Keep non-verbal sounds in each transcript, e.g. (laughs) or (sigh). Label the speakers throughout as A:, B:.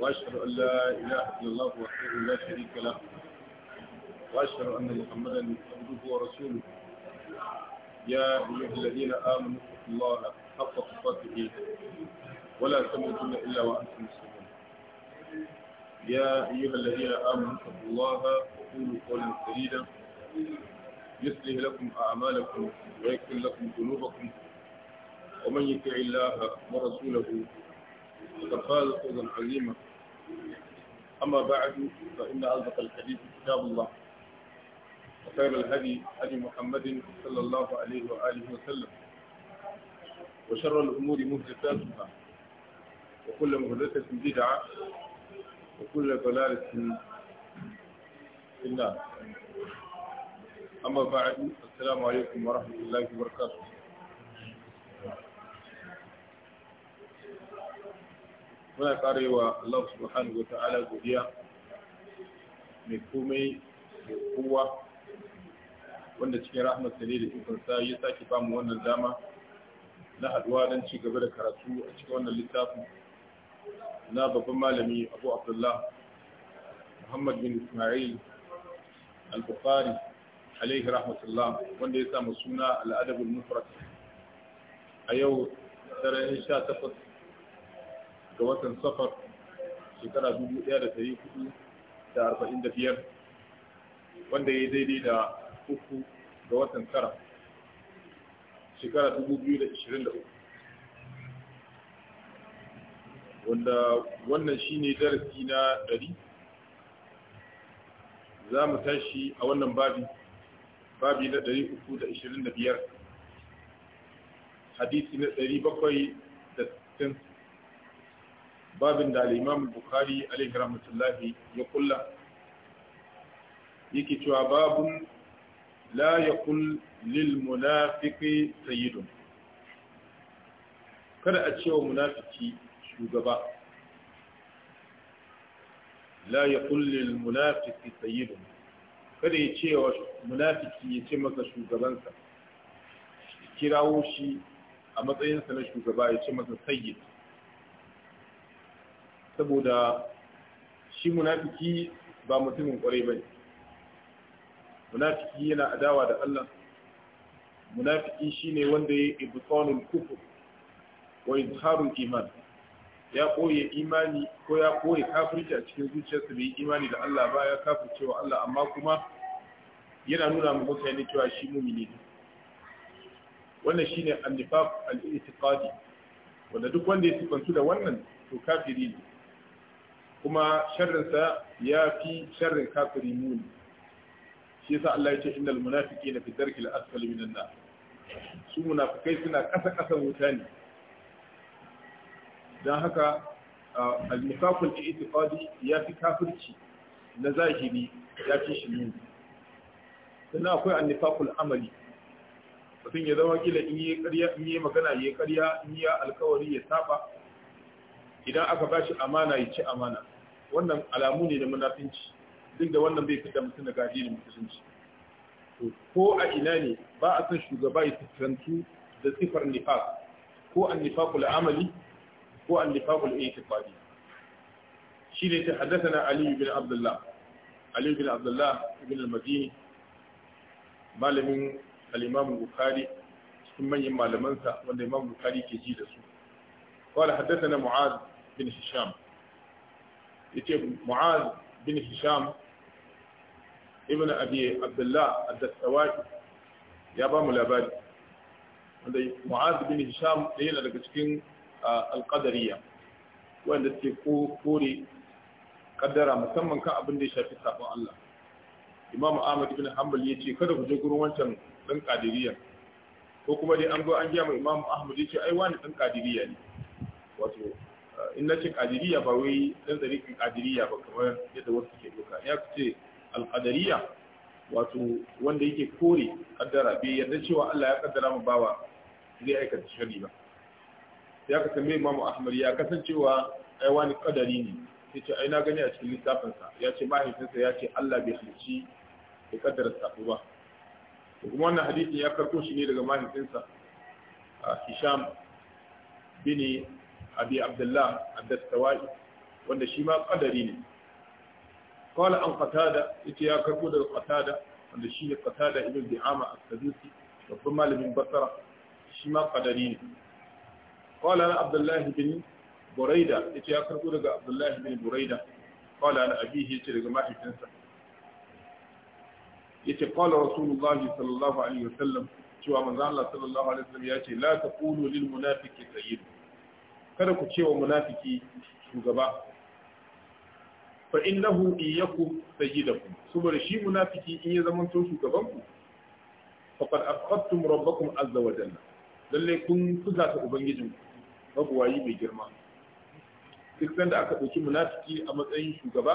A: وأشهد أن لا إله إلا الله وحده لا شريك له وأشهد أن محمدا عبده ورسوله يا أيها الذين آمنوا اتقوا الله حق تقاته
B: ولا تموتن إلا وأنتم مسلمون
A: يا أيها الذين آمنوا اتقوا الله وقولوا قولا سديدا يصلح لكم أعمالكم ويكفر لكم ذنوبكم ومن يطع الله ورسوله فقد فاز فوزا عظيما أما بعد فإن أصدق الحديث كتاب الله وخير الهدي هدي محمد صلى الله عليه وآله وسلم وشر الأمور مهدثاتها وكل مهدثة بدعة وكل ضلالة في النار
B: أما بعد السلام عليكم
A: ورحمة الله وبركاته muna karewa wa Allah subhanahu wa ta'ala godiya mai komai da kowa wanda cikin rahmat ne da ikonsa ya sake famu wannan dama na haduwa don ci gaba da karatu a cikin wannan littafin na babban malami Abu Abdullah Muhammad bin Ismail al-Bukhari alaihi rahmatullah wanda ya samu suna al-adab al a yau 18 ga watan safar shekara dubu ɗaya da ɗari hudu da arba'in da biyar wanda ya daidai da uku ga watan tara shekara dubu biyu da ishirin da uku wanda wannan shine darasi na ɗari za mu tashi a wannan babi babi na ɗari uku da ishirin da biyar hadisi na ɗari bakwai da sittin babin da al'imam bukari alaihi rahmatullahi ya kulla yake cewa babun la ya kul lil munafiki sayyidun kada a cewa munafiki shugaba la ya kul lil munafiki sayyidun kada ya cewa munafiki ya ce masa shugabansa kirawo shi a matsayinsa na shugaba ya ce masa sayyid saboda shi munafiki ba mutumin kwarai bai, munafiki yana adawa da Allah munafiki shine wanda ya ibtanul kufr wa izharul iman ya koye imani ko ya koye kafirci a cikin zuciyarsa bai imani da Allah ba ya kafirce wa Allah amma kuma yana nuna mu mutane cewa shi mumini ne wannan shine an-nifaq al-i'tiqadi wanda duk wanda ya sifantu da wannan to kafiri ne kuma sharrinsa ya fi sharrin kafiri muni shi yasa Allah ya ce innal munafiqina fi darkil asfali minan nar su munafikai suna kasa kasa wuta ne dan haka al-nifaqul i'tiqadi ya fi kafirci na zahiri ya fi shi ne sannan akwai an-nifaqul amali mutum ya zama kila in yi ƙarya in yi magana ya karya in yi alkawari ya saba idan aka ba shi amana ya ci amana wannan alamu ne da munafinci duk da wannan bai fita mutum daga addinin musulunci to ko a ina ne ba a san shugaba ya fitrantu da sifar nifaq ko an nifaqul amali ko an nifaqul i'tiqadi shine ta haddathana ali bin abdullah ali bin abdullah ibn al-madini malamin al-imam bukhari cikin manyan malamansa wanda imam bukhari ke ji da su قال حدثنا معاذ bin Hisham ya ce Mu'az bin Hisham ibn Abi Abdullah ad-Dastawai ya ba mu labari wanda Mu'az bin Hisham ɗaya ne daga cikin al-Qadariyya wanda ke kore kaddara musamman kan abin da ya shafi sabon Allah Imam Ahmad ibn Hanbal ce kada ku je gurin wancan dan Qadariyya ko kuma dai an zo an gaya Imam Ahmad ya ce ai wani dan Qadariyya ne wato in na ce ƙadiriya ba wai ɗan ɗariƙin ba kamar yadda wasu ke doka ya ce alƙadariya wato wanda yake kore kaddara bai yarda cewa Allah ya kaddara mu bawa zai aikata shari ba ya ka tambaye mamu Ahmad ya kasancewa ai wani ƙadari ne sai ce ai na gani a cikin littafinsa ya ce mahaifinsa ya ce Allah bai halici ya kaddara sabo ba kuma wannan hadisin ya karko shi ne daga mahaifinsa Hisham bin abi abdullah ad-dastawai wanda shi ma qadari ne qala an qatada yace ya karbo daga qatada wanda shi ne qatada ibn di'ama as-sadusi babban malamin basra shi ma qadari ne qala an abdullah bin buraida yace ya karbo daga abdullah bin buraida qala an abihi yace daga mahaifinsa yace qala rasulullahi sallallahu alaihi wasallam cewa manzo Allah sallallahu alaihi wasallam yace lil munafiqi sayyid kada ku cewa munafiki shugaba fa innahu iyyakum sayyidakum saboda shi munafiki in ya zama to shugaban ku qad aqattum rabbakum azza wa jalla lalle kun kusa ta ubangijin ku wayi mai girma duk sanda aka dauki munafiki a matsayin shugaba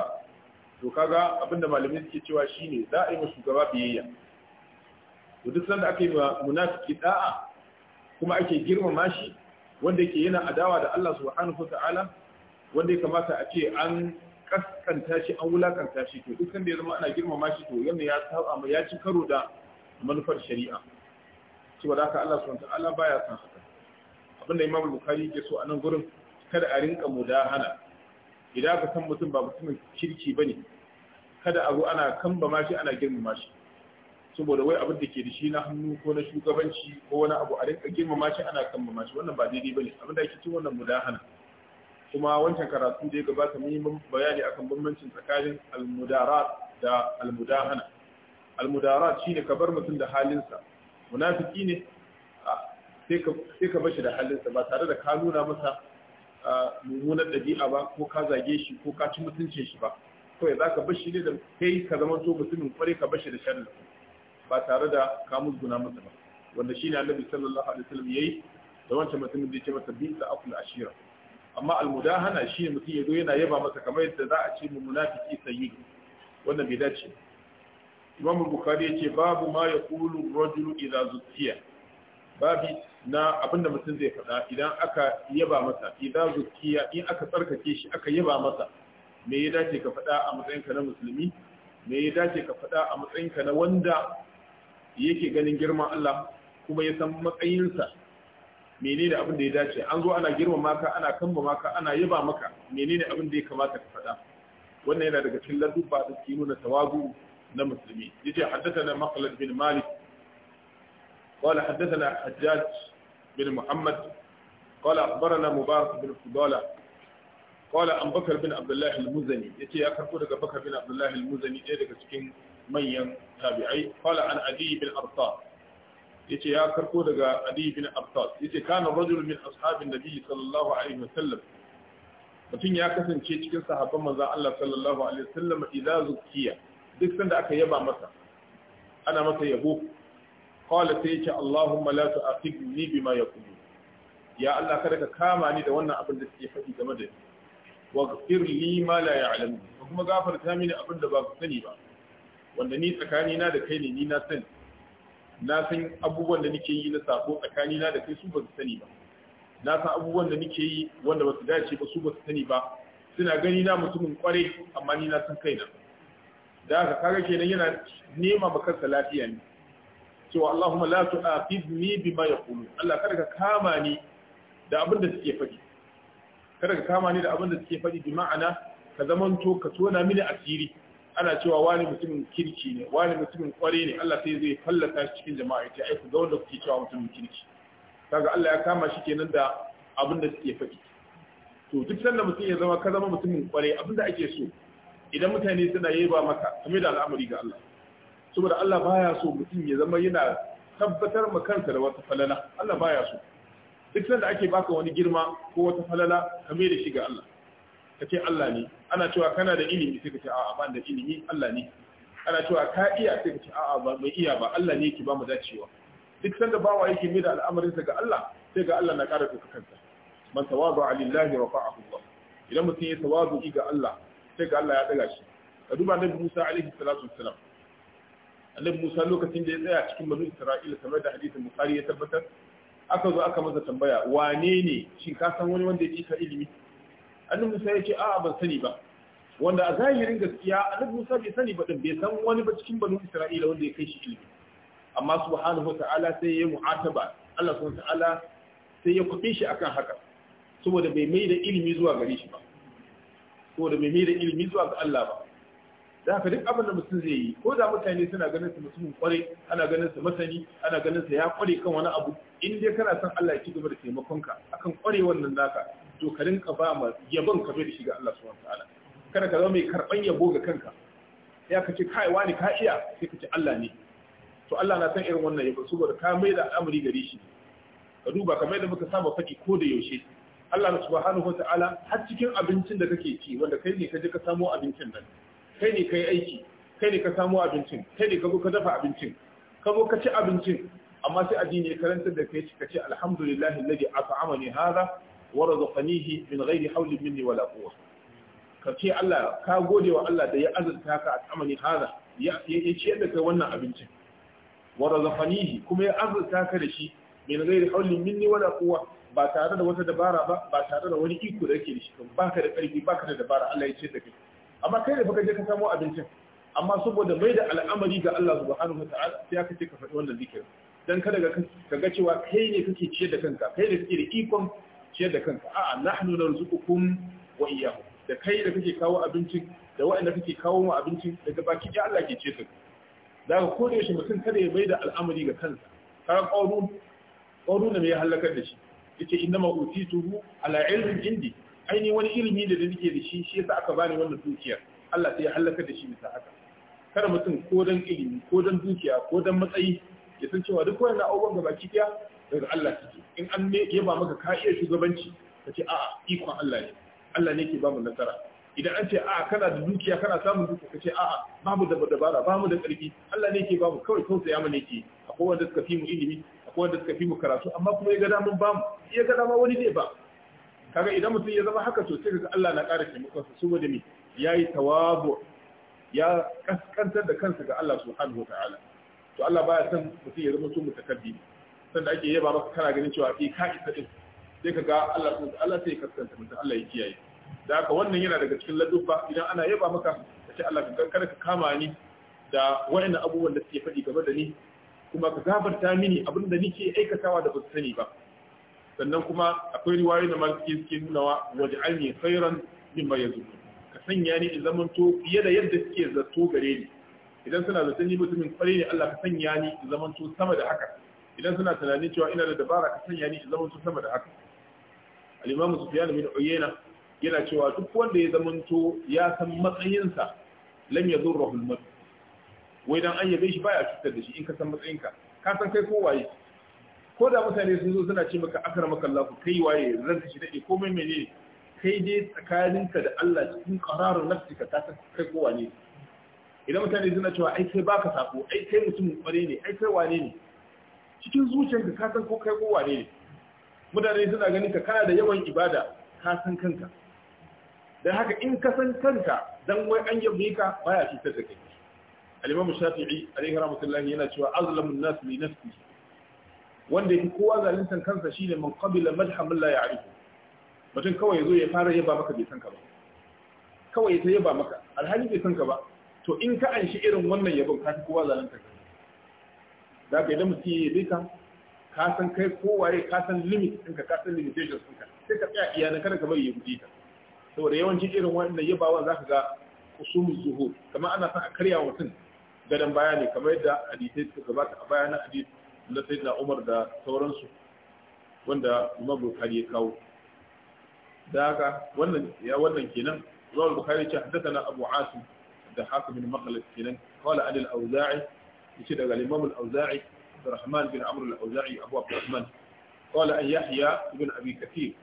A: to kaga abinda malamai suke cewa shine za a yi wa shugaba biyayya to duk sanda aka yi wa munafiki da'a kuma ake girmama shi wanda yake yana adawa da Allah subhanahu ta'ala wanda ya kamata a ce an kaskanta shi an wulakanta shi to duk da ya zama ana girmama shi to yanda ya saba ma ya ci karo da manufar shari'a saboda haka Allah subhanahu ta'ala baya san haka abinda Imam Bukhari ke so a nan gurin kada a rinka mudahana idan ka san mutum ba mutumin kirki bane kada a ana kamba ma shi ana girmama shi saboda wai abin da ke da shi na hannu ko na shugabanci ko wani abu a rinka girmama shi ana kammama shi wannan ba daidai bane abin da ake ci wannan mudahana kuma wancan karatu da ya gabata mun yi bayani akan bambancin tsakanin almudarat da almudahana almudarat shine ka bar mutum da halinsa munafiki ne sai ka sai ka bashi da halinsa ba tare da ka nuna masa mummunar ɗabi'a ba ko ka zage shi ko ka ci mutuncin shi ba kawai za ka bashi ne da kai ka zama to mutumin kwarai ka bashi da sharri ba tare da ka guna masa ba wanda shine annabi sallallahu alaihi wasallam yayi da wancan mutumin da yake masa bi ta akul ashira amma almudahana shine mutum yazo yana yaba masa kamar yadda za a ce mu munafiki sayyi wannan bai dace Imam Bukhari yace babu ma yaqulu rajulu idza zutiya babi na abinda mutum zai faɗa idan aka yaba masa idza zutiya in aka tsarkake shi aka yaba masa me ya dace ka faɗa a matsayinka na musulmi me ya dace ka faɗa a matsayinka na wanda yake ganin girman Allah kuma ya san matsayinsa menene abin da ya dace an zo ana girmama ka ana kamba maka ana yaba maka menene abin da ya kamata ka faɗa wannan yana daga cikin ladubba da ke nuna tawagu na musulmi yace haddathana maqlad bin malik قال حدثنا حجاج بن محمد قال أخبرنا مبارك بن فضالة قال عن بكر بن عبد الله المزني يتي أكرر بكر بن عبد الله المزني إيه cikin manyan tabi'ai qala an adi bin abtas yace ya karko daga adi bin abtas yace kana rajul min ashabin nabi sallallahu alaihi wasallam mutum ya kasance cikin sahabban manzon Allah sallallahu alaihi wasallam idza zukiya duk sanda aka yaba masa ana masa yabo qala sai yace allahumma la tu'akhidni bima yaqulu ya Allah kada ka kama ni da wannan abin da suke faɗi game da ni waghfir li ma la ya'lamu kuma gafarta mini abin da ba ku sani ba wanda ni tsakanina da kai ne ni na san, na san abubuwan da nake yi na sako tsakanina da kai su ba su sani ba na san abubuwan da nake yi wanda ba su dace ba su ba su sani ba suna gani na mutumin kware amma ni na san kaina da haka kaga kenan yana nema ma kansa lafiya ne cewa Allahumma la tu'akhidni bima yaqulu Allah kada ka kama ni da abin da suke faɗi kada ka kama ni da abin da suke faɗi bi ma'ana ka zamanto ka tona mini asiri ana cewa wani mutumin kirki ne wani mutumin kwari ne Allah sai zai fallata shi cikin jama'a ya ai ku ga wanda kuke cewa mutumin kirki kaga Allah ya kama shi kenan da abin da suke faɗi to duk sanda mutum ya zama ka zama mutumin kwari abin da ake so idan mutane suna yi ba maka kame da al'amari ga Allah saboda Allah baya so mutum ya zama yana tabbatar ma kansa da wata falala Allah baya so duk sanda ake baka wani girma ko wata falala kame da shi ga Allah ka ce Allah ne ana cewa kana da ilimi sai ka ce a'a ban da ilimi Allah ne ana cewa ka iya sai ka ce a'a ba mai iya ba Allah ne yake ba mu dacewa duk sanda bawa yake mai da al'amarin al'amarinsa ga Allah sai ga Allah na ƙara ɗauka kansa man tawadu alillahi wa rafa'ahu Allah idan mutum ya tawadu ga Allah sai ga Allah ya daga shi ka duba Nabi Musa alaihi salatu wassalam Annabi Musa lokacin da ya tsaya cikin banu Isra'ila kamar da hadisin Bukhari ya tabbatar aka zo aka masa tambaya wane ne shin ka san wani wanda ya ji ka ilimi annabi Musa ya ce a'a ban sani ba wanda a zahirin gaskiya annabi Musa bai sani ba din bai san wani ba cikin banu Isra'ila wanda ya kai shi ilimi amma subhanahu ta'ala sai ya mu'ataba Allah subhanahu ta'ala sai ya kufi shi akan haka saboda bai mai da ilimi zuwa gare shi ba saboda bai mai da ilimi zuwa ga Allah ba da haka duk abin da mutum zai yi ko da mutane suna ganin su mutum kware ana ganin su masani ana ganin su ya kware kan wani abu in dai kana son Allah ya ci gaba da taimakon ka akan kware wannan naka to ka rinka ba ma yabon ka da shi ga Allah subhanahu wataala kada ka zama mai karban yabo ga kanka ya ka ce kai wani ka iya sai ka ce Allah ne to Allah na san irin wannan yabo saboda ka mai da amri gare shi ka duba kamar da muka saba faɗi ko da yaushe Allah subhanahu wataala har cikin abincin da kake ci wanda kai ne ka je ka samo abincin nan kai ne kai aiki kai ne ka samo abincin kai ne ka zo ka dafa abincin ka zo ka ci abincin amma sai addini ya karanta da kai ka ce alhamdulillahi alladhi at'amani hadha warzuqanihi min ghairi hawlin minni wala quwwa ka ce Allah ka gode wa Allah da ya azurta ka a tsamani hada ya ciyar da kai wannan abincin warzaqanihi kuma ya azurta ka da shi min ghairi hawlin minni wala quwwa ba tare da wata dabara ba ba tare da wani iko da yake da shi kan baka da karfi baka da dabara Allah ya ce da kai amma kai da je ka samo abincin amma saboda mai da al'amari ga Allah subhanahu wataala sai ka faɗi wannan zikirin dan kada ka ga cewa kai ne kake ciyar da kanka kai ne kake da ikon ciyar da kanka a'a nahnu narzuqukum wa iyyahum da kai da kake kawo abinci, da waɗanda kake kawo mu abincin daga baki ya Allah ke ce ka. da ga ko yaushe mutum kada ya bai da al'amari ga kansa Kar qawlu qawlu ne ya halakar da shi yace innama utituhu ala ilmin indi aini wani ilimi da nake da shi shi yasa aka bani wannan dukiyar Allah sai ya halaka da shi bisa haka kada mutum ko dan ilimi ko dan dukiya ko dan matsayi ya san cewa duk wannan abubuwan gaba ki daga Allah take in an ne yaba maka ka iya shugabanci ka ce a'a ikon Allah ne Allah ne ke ba mu nasara idan an ce a'a kana da dukiya kana samun dukiya ka ce a'a babu da dabara bamu da karfi Allah ne ke ba mu kawai tausaya mana ke. akwai wanda suka fi mu ilimi akwai wanda suka fi mu karatu amma kuma ya ga damun ba mu ya ga dama wani ne ba kaga idan mutum ya zama haka to sai kaga Allah na ƙara taimakon su saboda me yayi tawabu ya kaskantar da kansa ga Allah subhanahu wa ta'ala to Allah baya son mutum ya zama mutum mutakabbir sanda ake yaba maka kana ganin cewa eh ka isa din sai ka ga Allah sun Allah sai ya kaskanta mutum Allah ya kiyaye da haka wannan yana daga cikin ladubba idan ana yaba maka ka ce Allah ka kada ka kama ni da wayannan abubuwan da suke faɗi game da ni kuma ka gafarta mini abin da nake aikatawa da su sani ba sannan kuma akwai riwayoyi da malaki suke nuna wa waj'alni khairan mimma yazunun ka sanya ni in to fiye da yadda suke zato gare ni idan suna zaton ni mutumin kwarai ne Allah ka sanya ni in zamanto sama da haka idan suna tunanin cewa ina da dabara ka sanya ni zaman su sama da haka al-imamu sufyan bin uyayna yana cewa duk wanda ya zamanta ya san matsayinsa lam yadurruhu al-mad wai dan an yabe shi baya cutar da shi in ka san matsayinka ka san kai ko waye ko da mutane sun zo suna ce maka akramaka Allah kai waye ka shi dade mai menene kai dai tsakaninka da Allah cikin qararun nafsika ka san kai ko wane idan mutane suna cewa ai kai baka sako ai kai mutum kware ne ai kai wane ne cikin da ka san ko kai ko wane ne mutane suna ganin ka kana da yawan ibada ka san kanka dan haka in ka san kanka dan wai an yabe ka baya shi da kai al-imam shafi'i alayhi rahmatullahi yana cewa an nas li nafsihi wanda yake kowa zaluntan kansa shine man qabila madhaman la ya'rifu mutum kawai yazo ya fara yaba maka bai san ka ba kawai ta yaba maka alhali bai san ka ba to in ka anshi irin wannan yabon ka kowa zaluntan ka da ka mutum ya yi ka ka san kai kowaye ka san limit ɗinka ka san limitations ɗinka sai ka tsaya iyana kada ka bari ya buɗe ka saboda yawancin irin waɗannan yabawa za ka ga usulul zuhur kamar ana sa a karya mutum gadon baya ne kamar yadda hadisai suka gabata a baya na hadis na sayyidina Umar da sauransu wanda Imam Bukhari ya kawo da haka wannan ya wannan kenan Imam Bukhari ya ce haddathana Abu Asim da Hakim bin Makhlad kenan qala al-Auza'i yace daga Imam al-Auza'i Abdurrahman bin Amr al-Auza'i Abu an Yahya ibn Abi yace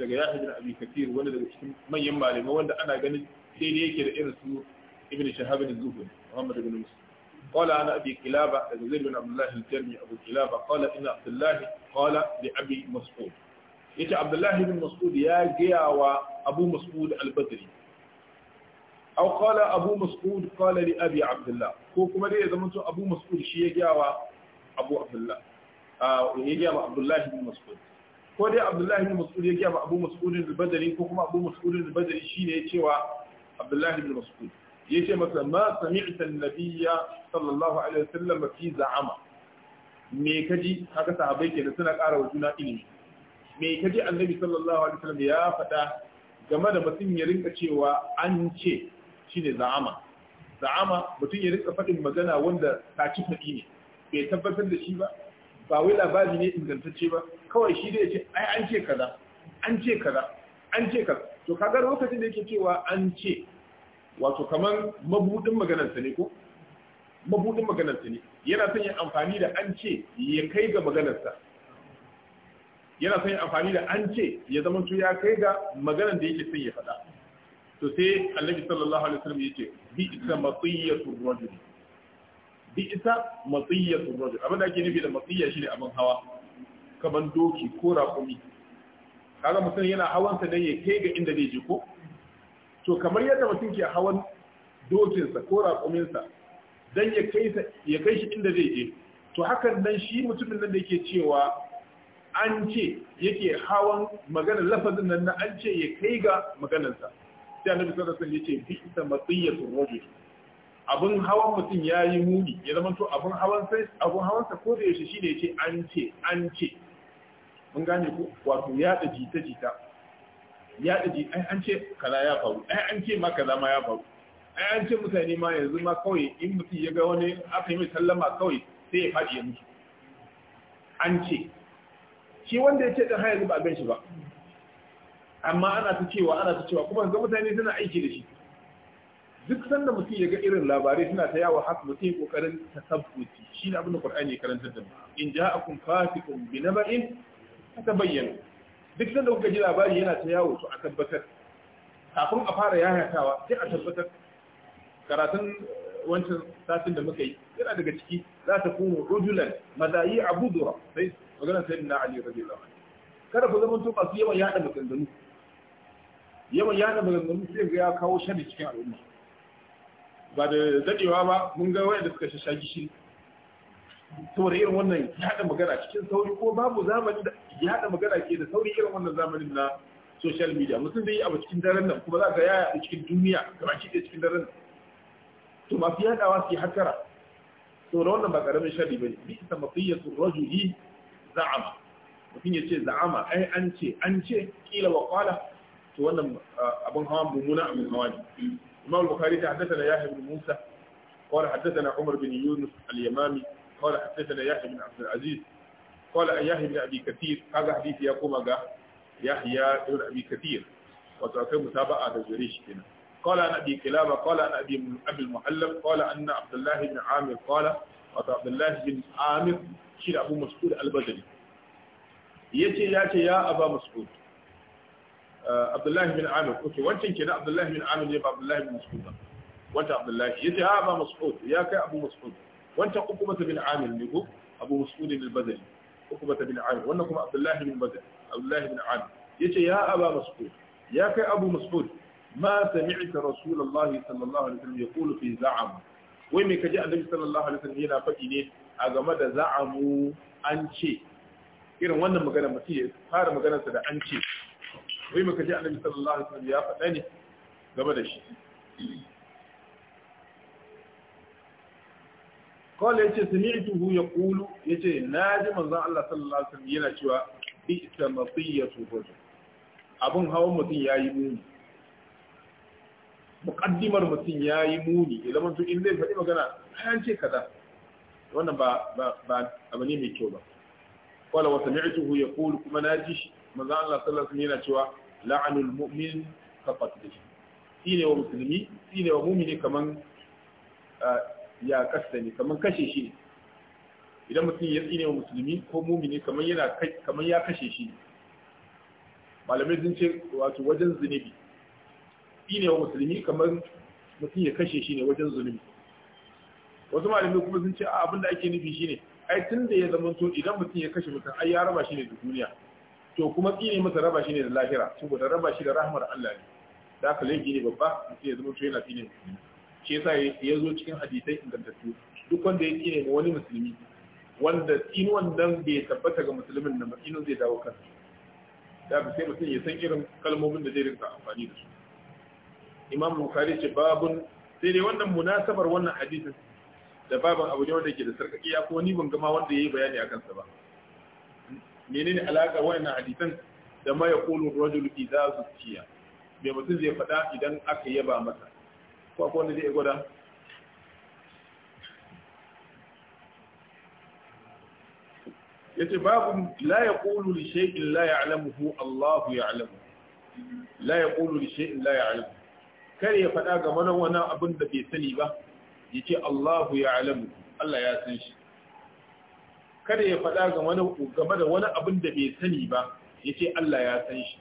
A: daga Yahya ibn Abi wanda daga cikin manyan malamai wanda ana ganin daidai yake da irin su Ibn Shahab bin Zuhri Muhammad ibn Muslim قال عن أبي كلابة زيد بن عبد الله الجرمي أبو كلابة قال إن عبد الله قال لأبي مسعود يجي عبد الله بن مسعود يا جيا وأبو مسعود البدري aw qala abu mas'ud qala li abi abdullah ko kuma dai ya zama to abu mas'ud shi ya gaya wa abu abdullah ah, ya gaya wa ko dai abdullah ibn mas'ud ya gaya wa abu mas'ud al-badri ko kuma abu mas'ud al-badri shine ya cewa abdullah ibn mas'ud ya ce masa ma sami'ta an-nabiyya sallallahu alaihi wasallam fi za'ama me kaji haka sahabbai kenan suna ƙara wa juna ilimi me kaji annabi sallallahu alaihi wasallam ya faɗa game da mutum ya rinka cewa an ce shine za'ama za'ama mutum ya rika faɗin magana wanda ta ci faɗi ne bai tabbatar da shi ba ba wai labari ne ingantacce ba kawai shi da ya ce ai an ce kaza an ce kaza an ce kaza to kaga lokacin da yake cewa an ce wato kaman mabudin maganarsa ne ko mabudin maganarsa ne yana son yin amfani da an ce ya kai ga maganarsa yana son yin amfani da an ce ya zama ya kai ga maganar da yake son ya faɗa to sai annabi sallallahu alaihi wasallam yace bi isa matiyatu rajul bi isa matiyatu rajul abin da ake nufi da matiya shine abin hawa kaman doki ko raƙumi kaga mutum yana hawan sa ne ya kai ga inda zai je ko to kamar yadda mutum ke hawan dokinsa ko raƙuminsa dan ya kai ya kai shi inda zai je to hakan nan shi mutumin nan da yake cewa an ce yake hawan maganar lafazin nan na an ce ya kai ga maganarsa sai annabi sallallahu alaihi wasallam yace bi'sa matiyatu rajul abun hawan mutum yayi muni ya zama to abun hawan sai abun hawan sa ko da yaushe shine yace an ce an ce mun gane ko wato ya da jita jita ya da ji ai an ce kaza ya faru ai an ce ma kaza ma ya faru ai an ce mutane ma yanzu ma kawai in mutum ya ga wani aka yi mai sallama kawai sai ya faɗi ya mutu an ce shi wanda ya ce ɗin har yanzu ba a gan shi ba amma ana ta cewa ana ta cewa kuma ga mutane suna aiki da shi duk sanda mutum ya ga irin labarai suna ta yawa haka mutum kokarin tasabbuti shi ne abin da Qur'ani ya karanta da in ja'akum fasiqun bi naba'in bayyana. duk sanda kuka ji labari yana ta yawo to a tabbatar kafin a fara yayatawa sai a tabbatar karatun eh, wancan satin da muka yi yana daga ciki za ta kuma rujulan madayi abudura sai maganar sayyidina ali radiyallahu anhu kada ku zama to masu yawan yada maganganu yawan yana maganganu sai ga ya kawo shari cikin al'umma ba da dadewa ba mun ga da suka shasha gishiri saboda irin wannan yada magana cikin sauri ko babu zamani da yada magana ke da sauri irin wannan zamanin na social media mutum zai yi abu cikin daren nan kuma za ka ya a cikin duniya gaba ki da cikin daren to masu yadawa su yi hakara saboda wannan ba karamin shari bane bi isa mafiyatu rajuli za'ama mutum ya ce za'ama ai an ce an ce kila wa qala تونم ابن هام بمنى من هواجي الامام البخاري حدثنا يحيى بن موسى قال حدثنا عمر بن يونس اليمامي قال حدثنا يحيى بن عبد العزيز قال يحيى بن ابي كثير هذا حديث يقوم اجا يحيى بن ابي كثير وتعطي متابعه للجريش هنا قال عن ابي كلابه قال عن ابي ابي المعلم قال ان عبد الله بن عامر قال وعبد عبد الله بن عامر شير ابو مسعود البدري يجي يا ابا مسعود Eh, abdullahi bin amir kuke wancan ke na abdullahi bin amir ne ba abdullahi bin mas'ud ba wanta abdullahi yace ha ah, ba mas'ud ya kai abu mas'ud wancan ukubata bin amir ne ko abu mas'ud bin badri ukubata bin amir wannan kuma abdullahi bin badri abdullahi bin amir yace ya aba mas'ud ya kai abu mas'ud ma sami'ta rasulullahi sallallahu alaihi wasallam yaqulu fi za'am wai me kaji annabi sallallahu alaihi wasallam yana faɗi ne a game da za'amu an ce irin wannan magana mutum ya fara maganarsa da an ce wai maka ji annabi sallallahu alaihi wasallam ya faɗa ne game da shi kawai ya ce hu ya kulu ya ce na ji manzan Allah sallallahu alaihi wasallam yana cewa bi ita matsiyatu rajul abin hawan mutum ya yi muni muƙaddimar mutum ya yi muni ya zama in zai faɗi magana an ce kaza wannan ba abu ne mai kyau ba kwallo wa sami'tuhu ya kulu kuma na ji shi manzo Allah sallallahu alaihi yana cewa la'anul mu'min ka fatdi shine wa musulmi shine wa mu'mini kaman ya kasta ne kaman kashe shi idan mutum ya tsine wa musulmi ko mu'mini kaman yana kaman ya kashe shi malamai sun ce wato wajen zunubi tsine wa musulmi kaman mutum ya kashe shi ne wajen zunubi wasu malamai kuma sun ce a abin da ake nufi shine ai tun da ya zama to idan mutum ya kashe mutum ai ya raba shi ne da duniya to kuma tsine masa raba shi ne da lahira saboda raba shi da rahmar Allah ne da aka laifi ne babba sai ya zama to yana tsine musulmi shi yasa ya zo cikin hadisai ingantattu duk wanda ya tsine ga wani musulmi wanda tsini wannan bai tabbata ga musulmin nan ba tsinin zai dawo kansa da ba sai mutum ya san irin kalmomin da zai rinka amfani da su imam bukhari ce babun sai dai wannan munasabar wannan hadisin da babin abu ne wanda ke da ya ko ni ban gama wanda yayi bayani akan sa ba menene alakar wannan hadisan da ma ya kulu rajul idza zuciya me mutum zai faɗa idan aka yaba masa ko akwai wanda zai gwada yace babu la yaqulu li shay'in la ya'lamuhu Allahu ya'lamu la yaqulu li shay'in la ya'lamu Kar ya faɗa ga mana wani abin da bai sani ba yace Allahu ya'lamu Allah ya san shi kada ya faɗa game da wani abin da bai sani ba ya ce Allah ya san shi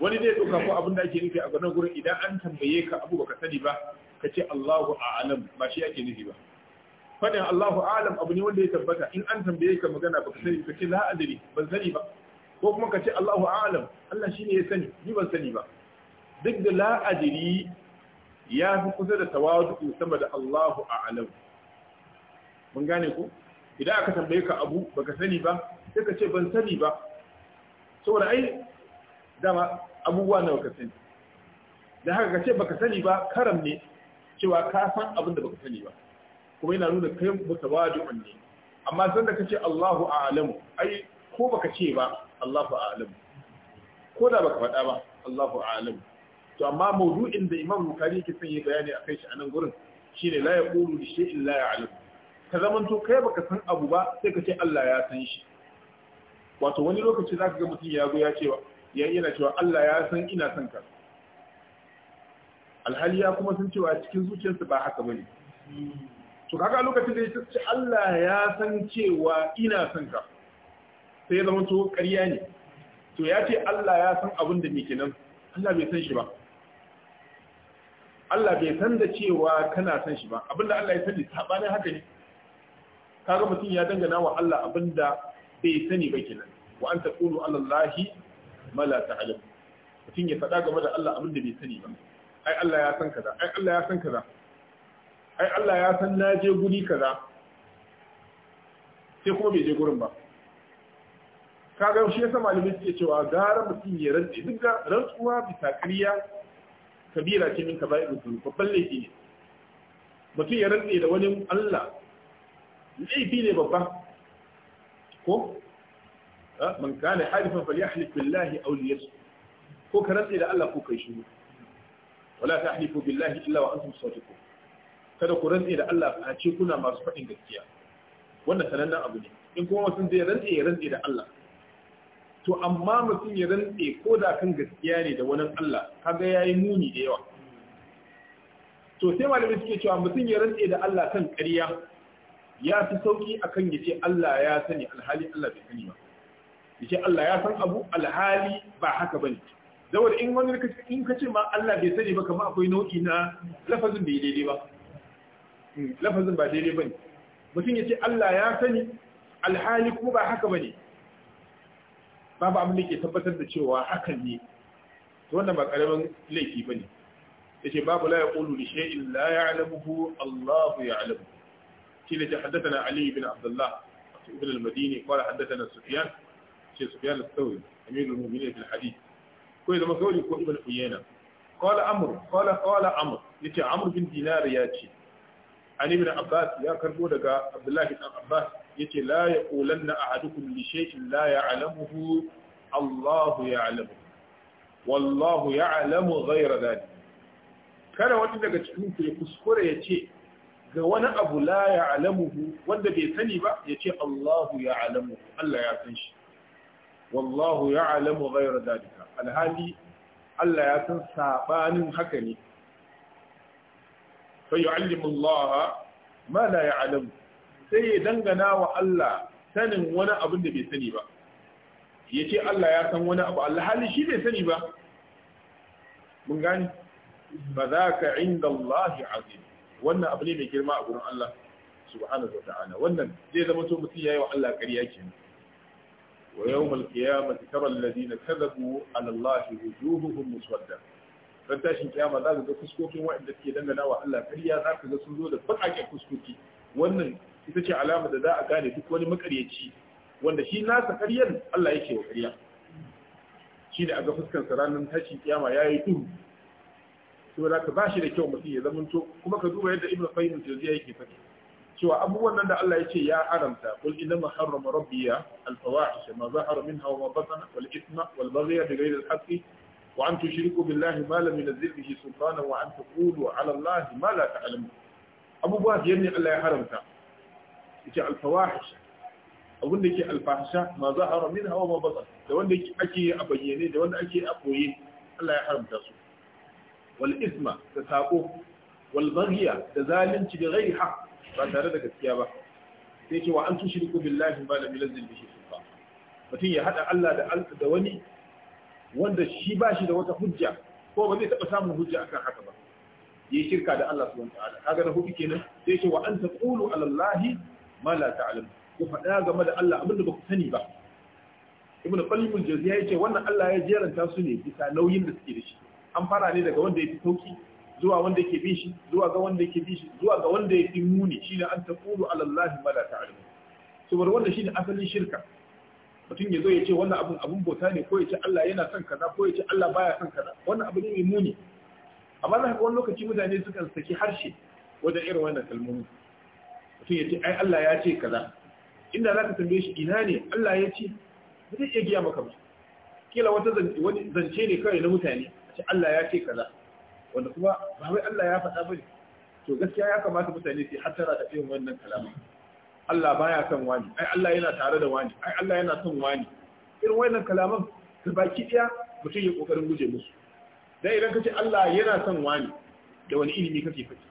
A: wani zai ɗauka ko abin da ake nufi a gwanon gurin idan an tambaye ka abu baka sani ba ka ce Allahu a'lam ba shi ake nufi ba faɗin Allahu a'lam abu ne wanda ya tabbata in an tambaye ka magana baka sani ka ce la adri ban sani ba ko kuma ka ce Allahu a'lam Allah shine ya sani ni ban sani ba duk da la adri ya fi kusa da tawadu sama da Allahu a'lam mun gane ku idan aka tambaye ka abu baka sani ba sai ka ce ban sani ba saboda ai dama abubuwa nawa ka sani da haka ka ce baka sani ba karam ne cewa ka san abin da baka sani ba kuma yana nuna kai mutawadi'un ne amma san da kace Allahu a'lamu ai ko baka ce ba Allahu a'lamu ko da baka faɗa ba Allahu a'lamu to amma mawdu'in da Imam Bukhari yake son yi bayani akai shi a nan gurin shine la yaqulu li shay'in la ya'lamu ka zamanto kai baka san abu ba sai ka ce Allah ya san shi wato wani lokaci zaka ga mutum ya go ya cewa ya yana cewa Allah ya san ina son ka alhali ya kuma san cewa cikin zuciyarsa ba haka bane to kaga lokacin da ya ce Allah ya san cewa ina son ka sai ya to ƙarya ne to ya ce Allah ya san abin da muke nan Allah bai san shi ba Allah bai san da cewa kana san shi ba abinda Allah ya sani sabanin haka ne kaga mutum ya dangana wa Allah abinda bai sani ba kenan wa an taqulu ala Allah ma la ta'lam mutum ya faɗa game da Allah abinda bai sani ba ai Allah ya san kaza ai Allah ya san kaza ai Allah ya san na je guri kaza sai kuma bai je gurin ba kaga shi yasa malamin suke cewa gara mutum ya rantse duk da rantsuwa bisa kariya kabira ce min kaba'ir dhunub babban laifi ne mutum ya rantse da wani Allah laifi ne babba ko man kana halifan falyahlif billahi aw liyasmut ko ka rantse da Allah ko kai shiru wala tahlifu billahi illa wa antum sadiqun kada ku rantse da Allah a ce kuna masu faɗin gaskiya wannan sanannen abu ne in kuma mutum zai rantse ya rantse da Allah to amma mutum ya rantse ko da kan gaskiya ne da wani Allah kaga yayi muni da yawa to sai malami suke cewa mutum ya rantse da Allah kan ƙarya ya fi sauki kan ya ce Allah ya sani alhali Allah bai sani ba ya ce Allah ya san abu alhali ba haka ba ne. Zawar in wani in ka ce ma Allah bai sani ba kamar akwai nau'i na lafazin bai daidai ba hmm, lafazin ba daidai ba ne. mutum ya ce Allah ya sani alhali kuma ba haka ba ne. babu abin da ke tabbatar da cewa hakan ne to wannan ba karamin laifi ba ne. Ya ce babu la yaqulu li shay'in la ya'lamuhu Allah ya'lamuhu شيء حدثنا علي بن عبد الله ابن المديني قال حدثنا سفيان شيء سفيان الثوري أمير المؤمنين في الحديث كل ما ثوري كو ابن حيينة قال عمرو قال قال عمرو يتي عمرو بن دينار ياتي عن ابن عباس يا كربو دغا عبد الله بن عباس يتي لا يقولن أحدكم لشيء لا يعلمه الله يعلمه والله يعلم غير ذلك kada wani daga cikin ku ya kuskure ya ce ga wani abu la ya alamuhu wanda bai sani ba ya ce Allahu ya alamu Allah ya san shi wallahu ya alamu ghayr dalika alhali Allah ya san sabanin haka ne fa yu'allimu Allah ma la ya alamu sai ya dangana wa Allah sanin wani abu da bai sani ba ya ce Allah ya san wani abu alhali shi bai sani ba mun gani fa zaka inda Allah azim wannan abu ne mai girma a gurin Allah subhanahu wa ta'ala wannan zai zama to mutum yayi wa Allah ƙarya kenan wa yawmal qiyamati tara alladhina kadhabu ala Allah wujuhuhum muswadda dan tashin kiyama za ka ga fuskokin waɗanda suke dangana wa Allah ƙarya za ka ga sun zo da baƙaƙen fuskoki wannan ita ce alama da za a gane duk wani makaryaci wanda shi nasa ƙaryar Allah yake wa ƙarya shi da a ga fuskansa ranar tashin kiyama ya yi duhu to da ka bashi da kyau mutum ya zamanto kuma ka duba yadda ibnu qayyim jawziya yake faɗi cewa abubuwan nan da Allah ya ce ya haramta kul inna ma harrama rabbiya al fawahish ma zahara minha wa ma batana wal ithma wal baghy bi ghayri al haqqi wa an tushriku billahi ma lam yunzil bihi sultana wa an taqulu ala Allah ma la ta'lamun abubuwa biyar ne Allah ya haramta yace al fawahish abin da yake alfahisha ma zahara minha wa ma batana da wanda ake a bayyane da wanda ake a koye Allah ya haramta su wal isma da sako wal da zalunci da ghairi haqq ba tare da gaskiya ba sai ce wa an tushriku billahi ma lam yunzil bihi sultan mutum ya hada Allah da da wani wanda shi ba shi da wata hujja ko ba zai taba samun hujja akan haka ba yi shirka da Allah subhanahu wataala kaga na hudu kenan sai faɗa game da Allah abinda ba ku sani ba ibnu qayyim al-jawziya yace wannan Allah ya jeranta su ne bisa nauyin da suke da shi an fara ne daga wanda ya fi sauki zuwa wanda yake bin shi zuwa ga wanda yake bin shi zuwa ga wanda ya fi muni shine an taqulu ala allahi ma la ta'lamu saboda wanda shine asalin shirka mutum ya zo ya ce wannan abun abun bauta ne ko ya ce Allah yana son kaza ko ya ce Allah baya son kaza wannan abu ne mai muni amma za ka wani lokaci mutane sukan saki harshe wajen irin wannan kalmomi mutum ya ce ai Allah ya ce kaza inda za ka tambaye shi ina ne Allah ya ce ba zai iya giya maka ba kila wata zance ne kawai na mutane ce Allah ya ce kaza wanda kuma ba wai Allah ya faɗa bane to gaskiya ya kamata mutane su hattara da irin wannan kalama Allah baya son wani ai Allah yana tare da wani ai Allah yana son wani irin wannan kalaman ta baki daya mutum ya kokarin guje musu dan idan ce Allah yana son wani da wani ilimi kake faki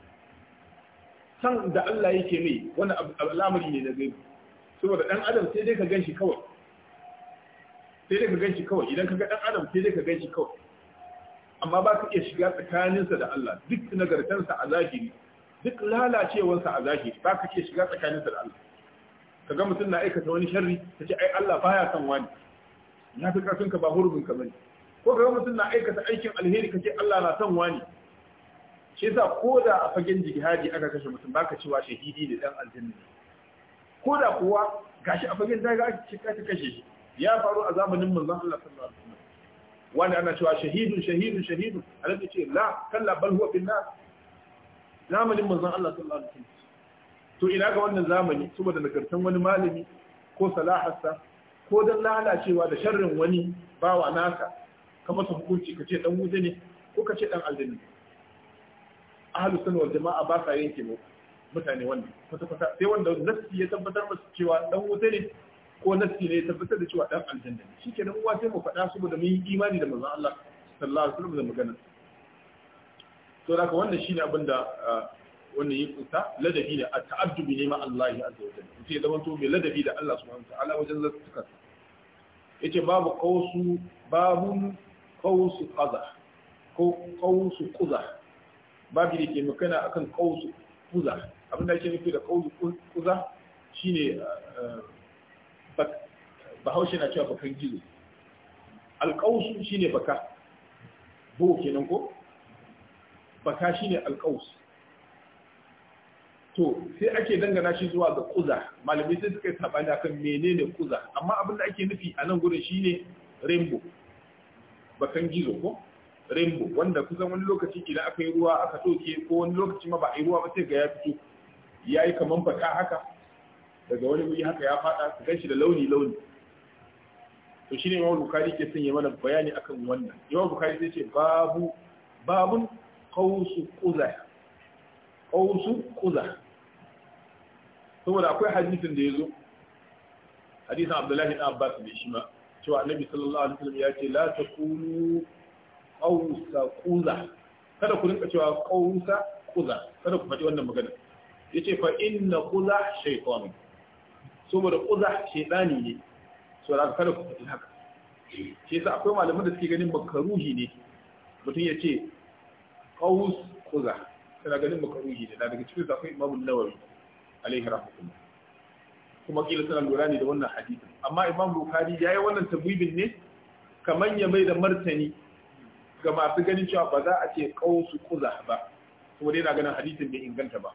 A: san da Allah yake mai wani al'amari ne na gaibi saboda dan adam sai dai ka ganshi kawai sai dai ka ganshi kawai idan ka ga dan adam sai dai ka ganshi kawai amma ba ka iya shiga tsakaninsa da Allah duk nagartansa a zahiri duk lalacewarsa a zahiri ba ka iya shiga tsakaninsa da Allah Ka ga mutum na aikata wani sharri ta ce ai Allah baya son wani na fi karfin ka ba hurbin ka bane ko ga mutum na aikata aikin alheri ka ce Allah na son wani shi yasa ko da a fagen jihadi aka kashe mutum ba baka cewa shahidi da dan aljanna ko da kuwa gashi a fagen daga aka kashe shi ya faru a zamanin manzon Allah sallallahu alaihi wasallam wani ana cewa shahidun shahidun shahidun annabi ce la kalla bal huwa bin nar zamanin manzon Allah sallallahu alaihi wasallam to ina ga wannan zamani saboda nagartan wani malami ko salaharsa ko dan lalacewa da sharrin wani bawa naka ka masa hukunci ka ce dan wuta ne ko ka ce dan aljini ahlus sunna wal jamaa ba sa yanke mutane wannan kwata kwata sai wanda nafsi ya tabbatar masa cewa dan wuta ne ko nassi ne tabbatar da cewa dan aljanna ne shikenan uwa sai mu faɗa saboda mun yi imani da manzon Allah sallallahu alaihi wasallam da magana. to da wannan shine abin da wannan ya kusa ladabi ne a ta'addubi ne ma Allah ya azza wa jalla sai zaman to mai ladabi da Allah subhanahu wa ta'ala wajen zattuka yace babu qausu babun qausu qaza ko qausu quza babu da ke magana akan qausu quza abin da yake nufi da qausu quza shine bahaushe na cewa bakan gizo alƙausu ne baka bo kenan ko baka shi ne alƙausu to sai ake dangana shi zuwa ga kuza malamai sai suka yi saɓani akan menene kuza amma abin da ake nufi a nan shi ne rainbow bakan gizo ko rainbow wanda kusan wani lokaci idan aka yi ruwa aka toke ko wani lokaci ma ba a yi ruwa ba sai ga ya fito ya yi kamar baka haka daga wani guri haka ya fada ka shi da launi launi to shine Imam Bukhari ke sanya mana bayani akan wannan Imam Bukhari sai ce babu babun qausu quza qausu quza saboda akwai hadisin da yazo hadisin Abdullahi ibn Abbas da shi ma cewa Annabi sallallahu alaihi wasallam ya ce la takunu qausa quza kada ku rinka cewa qausa quza kada ku faɗi wannan magana yace fa inna quza shaytanun saboda uzah shedani ne so da kada ku faɗi haka shi yasa akwai malamai da suke ganin makaruhi ne mutum ya ce qaus uzah kana ganin makaruhi ne daga cikin akwai imamu nawawi alaihi rahmatullah kuma kila suna lura ne da wannan hadisin amma imam bukhari ya yi wannan tabibin ne kamar ya mai da martani ga masu ganin cewa ba za a ce kausu kuza ba dai na ganin hadisin bai inganta ba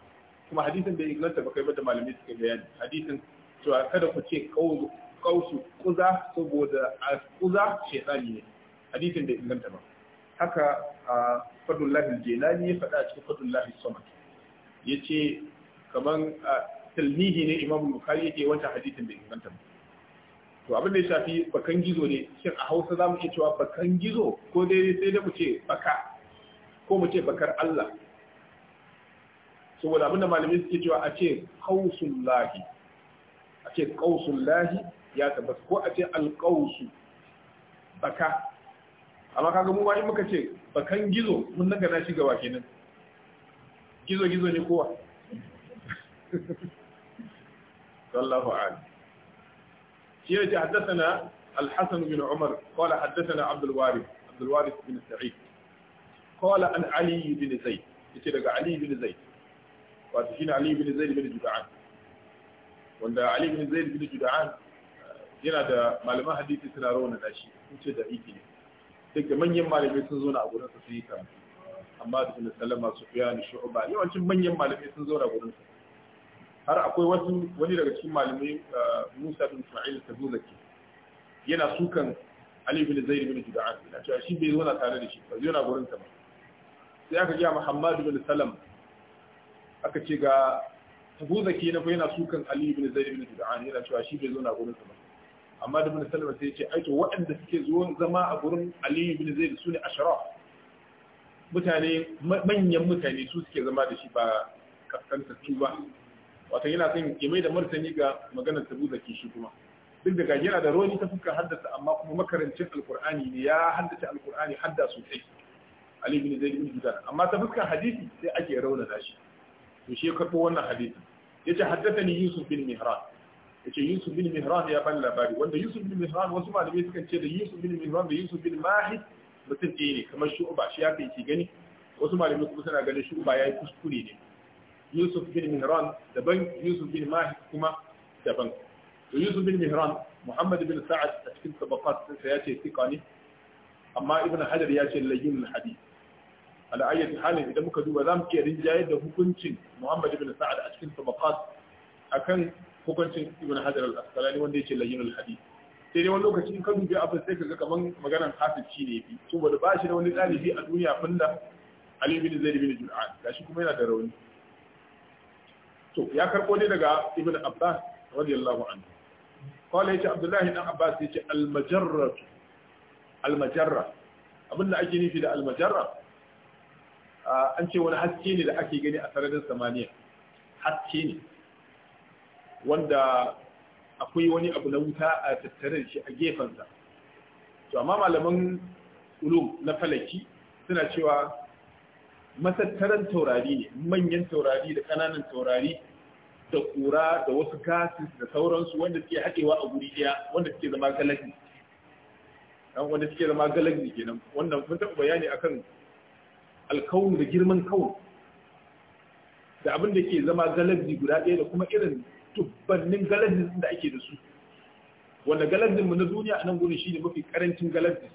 A: kuma hadisin bai inganta ba kai da malamai suka bayani hadisin cewa kada ku ce kausu kuza saboda a kuza shaitani ne hadisin da inganta ba haka a lahil jelani ya faɗa cikin Fadun lahil samad ya ce a tilmihi ne imamu bukari yake wancan hadisin da inganta ba to abin da ya shafi bakan gizo ne shin a hausa za mu iya cewa bakan gizo ko dai sai da mu ce baka ko mu ce bakar allah saboda abin da malamai suke cewa a ce hausun lahi a ce ƙausun lahi ya tabbat ko a ce alƙausu baka amma kaga mu in muka ce bakan gizo mun naga na shi gaba kenan gizo gizo ne kowa sallahu (laughs) alaihi shi yace haddathana الحسن بن عمر قال حدثنا عبد الوارث عبد الوارث بن سعيد قال عن علي بن زيد يتي علي بن زيد وتشين علي بن زيد بن جدعان wanda Ali bin Zaid bin Jud'an eh, yana da malaman hadisi suna rawana da shi sun ce da iki ne duk da manyan malamai sun zo na a gurin sa sun yi karatu amma da ibn Salama Sufyan Shu'ba yawancin manyan malamai sun zo na gurin sa har akwai wasu wani daga cikin malamai eh, Musa bin Sa'id Tabuzaki yana sukan Ali bin Zaid bin Jud'an da cewa shi bai zo na tare da shi ba zai na gurin sa ba sai aka ga Muhammad bin Salam aka ce ga Tabuzaki na fa yana sukan Ali ibn Zaid ibn Jud'an yana cewa shi bai zo na gurin sa ba amma da ibn Salama sai ya ce aito waɗanda suke zuwa zama a gurin Ali ibn Zaid sune ashraf mutane manyan mutane su suke zama da shi ba su ba wato yana son ya mai da martani ga maganar Zaki shi kuma duk da yana da roni ta fuskar haddasa amma kuma makarancin alkur'ani ne ya haddace alkur'ani hadda sosai Ali ibn Zaid ibn Jud'an amma ta fuskar hadisi sai ake raunata shi to shi ya karɓo wannan hadisi ya ce haddasa ni yusuf bin mihran ya ce yusuf bin mihran ya ban labari wanda yusuf bin mihran wasu malamai sukan ce da yusuf bin mihran da yusuf bin mahi mutum ɗaya ne kamar shu'uba shi ya kai shi gani wasu malamai kuma suna ganin shu'uba ya yi kuskure ne yusuf bin mihran daban yusuf bin mahi kuma daban yusuf bin mihran muhammad bin sa'ad a cikin tabbatar sai ya ce thiqa ne amma ibn hajar ya ce layyin hadith ala ayyati halin idan muka duba zamu iya rinjayar da hukuncin Muhammad ibn Sa'ad a cikin tabaqat akan hukuncin Ibn Hajar al wanda yake layyinul hadith sai dai wani lokaci in ka dubi abin sai ka ga kaman maganar shi ne fi saboda ba shi da wani ɗalibi a duniya funda Ali bin Zaid bin Jul'an gashi kuma yana da rauni to ya karbo ne daga Ibn Abbas radiyallahu anhu qala yace Abdullahi dan Abbas yace al-majarra al-majarra abinda ake nufi da al an ce wani haske ne da ake gani a sararin samaniya haske ne wanda akwai wani abu na wuta a tattare shi a gefensa to amma malaman ulum na falaki suna cewa matattaran taurari ne manyan taurari da ƙananan taurari da ƙura da wasu gasi da sauransu wanda suke haɗewa a guri ɗaya wanda suke zama galagi wanda suke zama galaxy kenan wannan mun taɓa bayani akan alkawun da girman kawun da abin da ke zama galazi guda ɗaya da kuma irin tubbannin galazin da ake da su wanda galazin mu na duniya a nan gudun shi ne mafi karancin galazi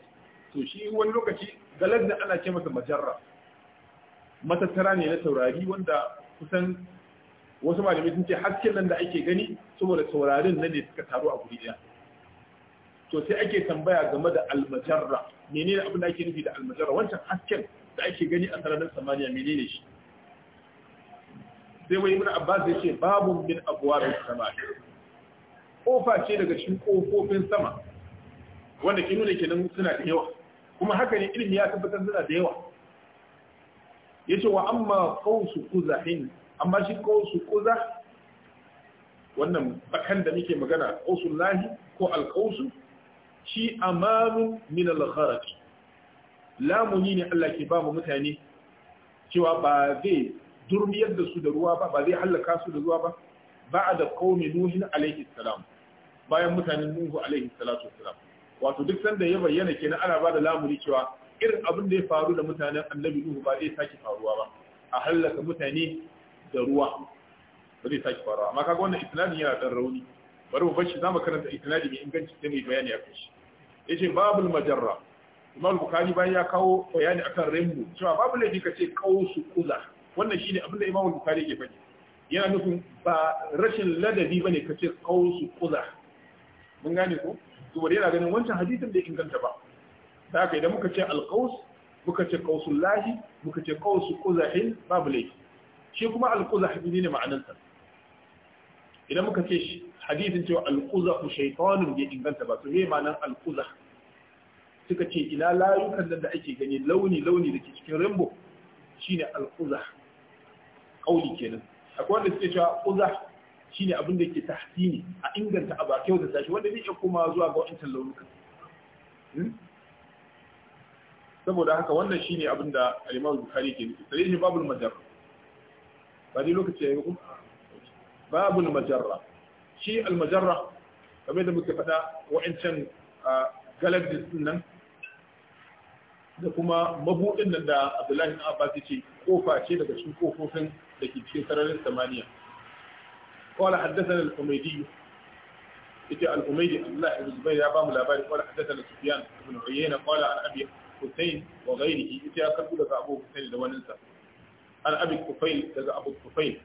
A: to shi wani lokaci galazin ana ce masa majarra matattara ne na taurari wanda kusan wasu malamai sun ce hasken nan da ake gani saboda taurarin nan ne suka taru a guri ɗaya to sai ake tambaya game da almajarra menene abin da ake nufi da almajarra wancan hasken da ake gani a sararin samaniya menene shi sai wai ibn abbas ya ce babu min abwarin sama kofa ce daga cikin kofofin sama wanda ke nuna kenan suna da yawa kuma haka ne ilimi ya tabbatar suna da yawa yace wa amma qawsu quzahin amma shi qawsu quzah wannan bakan da muke magana qawsul lahi ko al shi amanu min al lamuni ne Allah ke ba mu mutane cewa ba zai durmiyar da su da ruwa ba ba zai halaka su da ruwa ba ba da kaumi nuhin alaihi salam bayan mutanen nuhu alaihi salatu wasalam wato duk sanda ya bayyana kenan ana ba da lamuni cewa irin abin da ya faru da mutanen annabi nuhu ba zai sake faruwa ba a halaka mutane da ruwa ba zai sake faruwa amma kaga wannan isnadin yana dan rauni bari mu bar shi zamu karanta isnadi mai inganci sai mu bayani akan shi yace babul majarra imam Bukhari bayan ya kawo bayani akan rainbow cewa babu laifi ka ce kausu kuza wannan shine abin da imam Bukhari yake faɗi yana nufin ba rashin ladabi bane ka ce kausu kuza mun gane ko saboda yana ganin wancan hadisin da inganta ba da haka idan muka ce alqaus muka ce qausul lahi muka ce qausu quzahin babu laifi shi kuma alquzah ne ma'anarsa idan muka ce hadisin cewa alquzah shaytanun ya inganta ba to me ma'anar alquzah suka ce ina layukan nan da ake gani launi launi da ke cikin rainbow Shi ne quzah kauli kenan akwai wanda suke cewa quzah shine abin da ke tahsini a inganta a bakin da sashi wanda zai iya kuma zuwa ga wancan launukan hmm? saboda haka wannan shine abin da al-Imam Bukhari ke nufi sai shi babul majarra ba dai lokaci yi ku babul majarra shi al-majarra kamar da muke faɗa wa'ancan ah, galadis nan da kuma mabuɗin nan da Abdullahi na Abbas ya ce kofa ce daga cikin kofofin da ke cikin sararin samaniya. Kawala haddasa al-Umaydi ita al-Umaydi Abdullahi ibn Zubair ya ba mu labari kawala haddasa al-Sufyan ibn Uyayna kawala an Abi Hussein wa ghairihi ita ya karbu daga Abu Hussein da wani sa. An Abi Kufail daga Abu Kufail.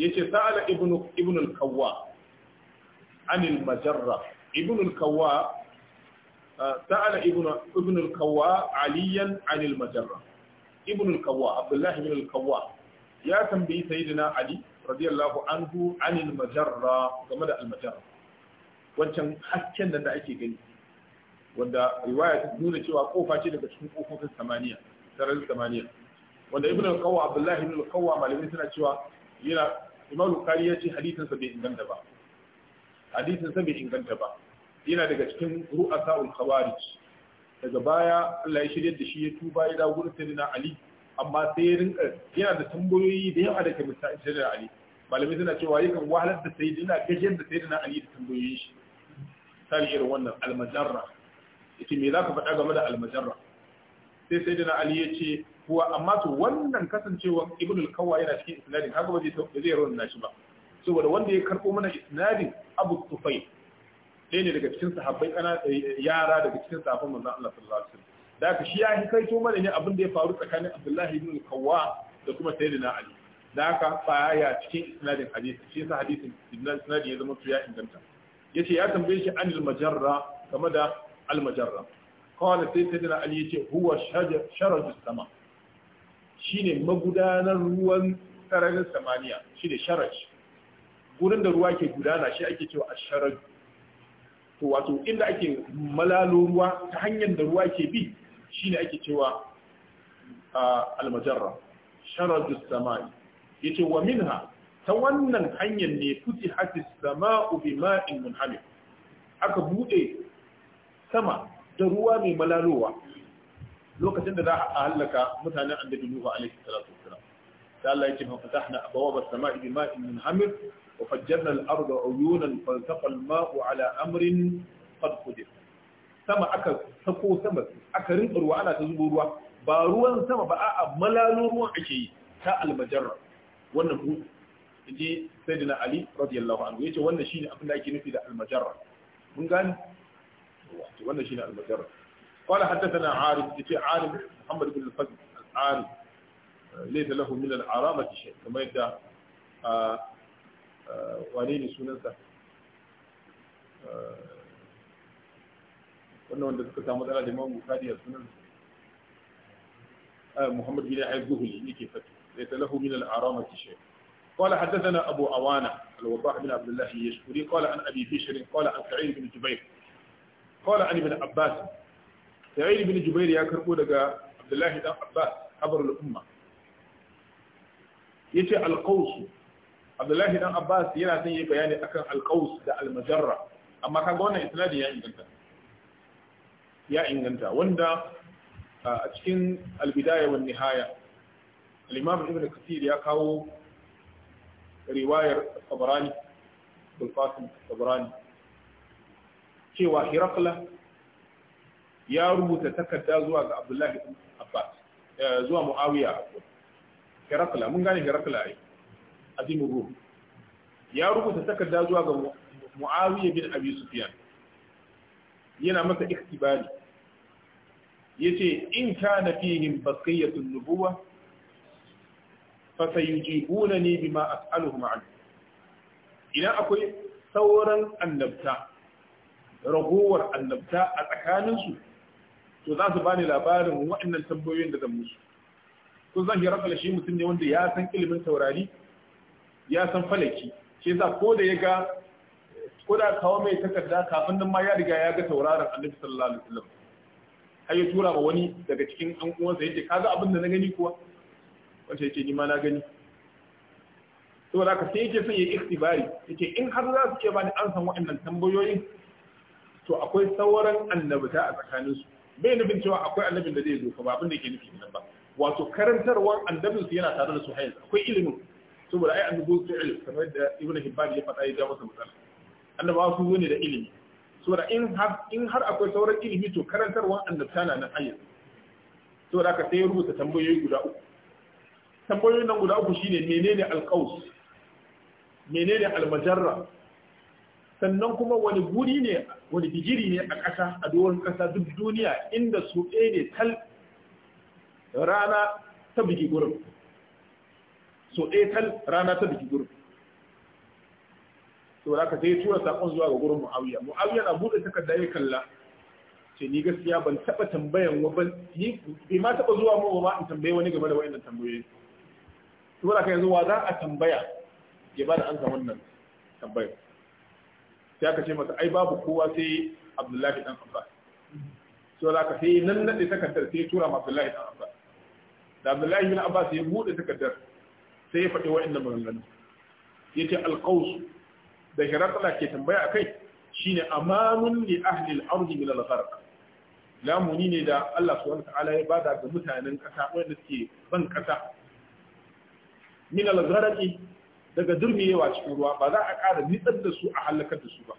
A: Yace sa'ala ibn ibn al-Kawwa an al-Majarra ibn al-Kawwa sa'ala ibn al aliyan anil ibn al abdullahi ibn al ya tambayi sayyidina ali radiyallahu anhu anil game da al wancan hasken da ake gani wanda riwaya ta nuna cewa kofa ce daga cikin kofofin samaniya sararin samaniya wanda ibn al-qawwa ibn al-qawwa malamin suna cewa yana imam ya ce hadisin sa bai inganta ba hadisin sa bai inganta ba yana daga cikin ru'asa ru'asa'ul khawarij daga baya Allah ya shirye da shi ya tuba ya dawo gurin sayyidina Ali amma sai ya rinka yana da tambayoyi da yawa da ke misali sayyidina Ali malamai suna cewa yakan wahalar da sayyidina gajiyar da sayyidina Ali da tambayoyin shi misali irin wannan almajarra yace me zaka faɗa game da almajarra sai sayyidina Ali ya ce kuwa amma to wannan kasancewar Ibn al-Kawwa yana cikin isnadin haka ba zai zai rawana shi ba saboda wanda ya karbo mana isnadin Abu Tufayl ɗaya ne daga cikin sahabbai kana eh, yara daga cikin sahabban manzon Allah sallallahu alaihi wasallam da haka shi ya kaito mana ne abin da ya faru tsakanin Abdullahi ibn Kawwa da kuma Sayyidina Ali da haka baya cikin isnadin hadisi shi yasa hadisin isnadin ya zama ya inganta yace ya tambaye shi anil majarra game da al majarra qala Sayyidina Ali yace huwa sharaj sama shine magudanar ruwan sararin samaniya shine sharaj gurin da ruwa ke gudana shi ake cewa asharaj to wato inda ake malalo ruwa ta hanyar da ruwa ke bi shine ake cewa almajarra sharadu samai ce wa minha ta wannan hanyar ne fuji hatis sama'u bi ma'in munhamir aka bude sama da ruwa mai malalowa lokacin da za a hallaka mutanen annabi Nuhu alaihi salatu wasalam sai Allah ya ce fa fatahna abwaaba samai bi ma'in munhamir وفجرنا الأرض عيونا فالتقى الماء على أمر قد قدر sama aka sako sama aka rinka ruwa ana ta zubo ruwa ba ruwan sama ba a'a malalo ruwan ake yi ta almajarra wannan ku ji sayyidina ali radiyallahu anhu yace wannan shine abin da ake nufi da almajarra mun gane wannan shine almajarra qala haddathana arif yace arif muhammad ibn al-fadl al-arif laysa yadda آه، wane ne sunansa آه، wannan wanda suka samu matsala da imam bukari a sunansa آه، muhammad bin ayyub zuhuli yake fata ليس له من الأعرامة شيء قال حدثنا أبو عوانة الوضاح بن عبد الله يشكري قال عن أبي بشر قال عن سعيد بن جبير قال عن ابن عباس سعيد بن جبير يا كربو دقا عبد الله بن عباس حبر الأمة يتي القوس abdullahi dan abbas yana son yi bayani akan alqaus da almajarra amma kaga wannan isnadin ya inganta ya inganta wanda a cikin albidaya wa nihaya al-imam ibn kathir ya kawo riwayar tabarani bil qasim tabarani cewa hirakla ya rubuta takarda zuwa ga abdullahi ibn abbas eh, zuwa muawiya hirakla mun gane hirakla ai azimin ya rubuta takarda zuwa ga muawiya bin abi yana masa iktibari ce in kana fihim baqiyatun nubuwa jibuna ne bima as'aluhum idan akwai sauran annabta ragowar annabta a tsakaninsu to za su bani labarin waɗannan tambayoyin da zan musu kun zan yi rakala shi mutum ne wanda ya san ilimin taurari ya san falaki shi yasa ko da ya ga ko da kawo mai takarda kafin nan ma ya riga ya ga tauraron annabi sallallahu alaihi wasallam har ya tura ma wani daga cikin an uwansa yake kaga abin da na gani kuwa wace yake ni ma na gani da ka sai yake son ya ikhtibari yake in har za su iya bani an san waɗannan tambayoyin to akwai sauran annabata a tsakanin su bai nufin cewa akwai annabin da zai zo ba abin da yake nufi nan ba wato karantarwar annabin su yana tare da su har akwai ilimin saboda ai annabu fi'il kamar da ibnu hibban ya faɗa ya ga masa matsala ba su zo ne da ilimi saboda in har in har akwai sauran ilimi to karantarwa annabta na nan ayyuka saboda haka sai ya rubuta tambayoyi guda uku tambayoyin nan guda uku shine menene alqaus menene almajarra sannan kuma wani guri ne wani bigiri ne a ƙasa a doron ƙasa duk duniya inda su ɗaya ne tal rana ta bigi gurin so ɗaya tal rana ta biki gurin to da ka sai tura sakon zuwa ga gurin muawiya muawiya na bude takarda ya kalla ce ni gaskiya ban taba tambayan wa ban ni bai ma taba zuwa mu ba in tambaye wani game da wa'annan tambayoyi to da ka yanzu wa za a tambaya ya bada ansa wannan tambayar sai aka ce masa ai babu kowa sai Abdullahi dan Abbas to da ka sai nan nade takardar sai tura ma Abdullahi dan Abbas da Abdullahi bin Abbas ya bude takardar sai ya faɗi wa'annan maganganu ya ce alƙaus da hirakala ke tambaya a kai shi ne amamun li ahlil arzi min al lamuni ne da Allah subhanahu ta'ala ya bada ga mutanen ƙasa wanda suke ban ƙasa min al daga durmiyewa cikin ruwa ba za a ƙara nitsar da su a halakar da su ba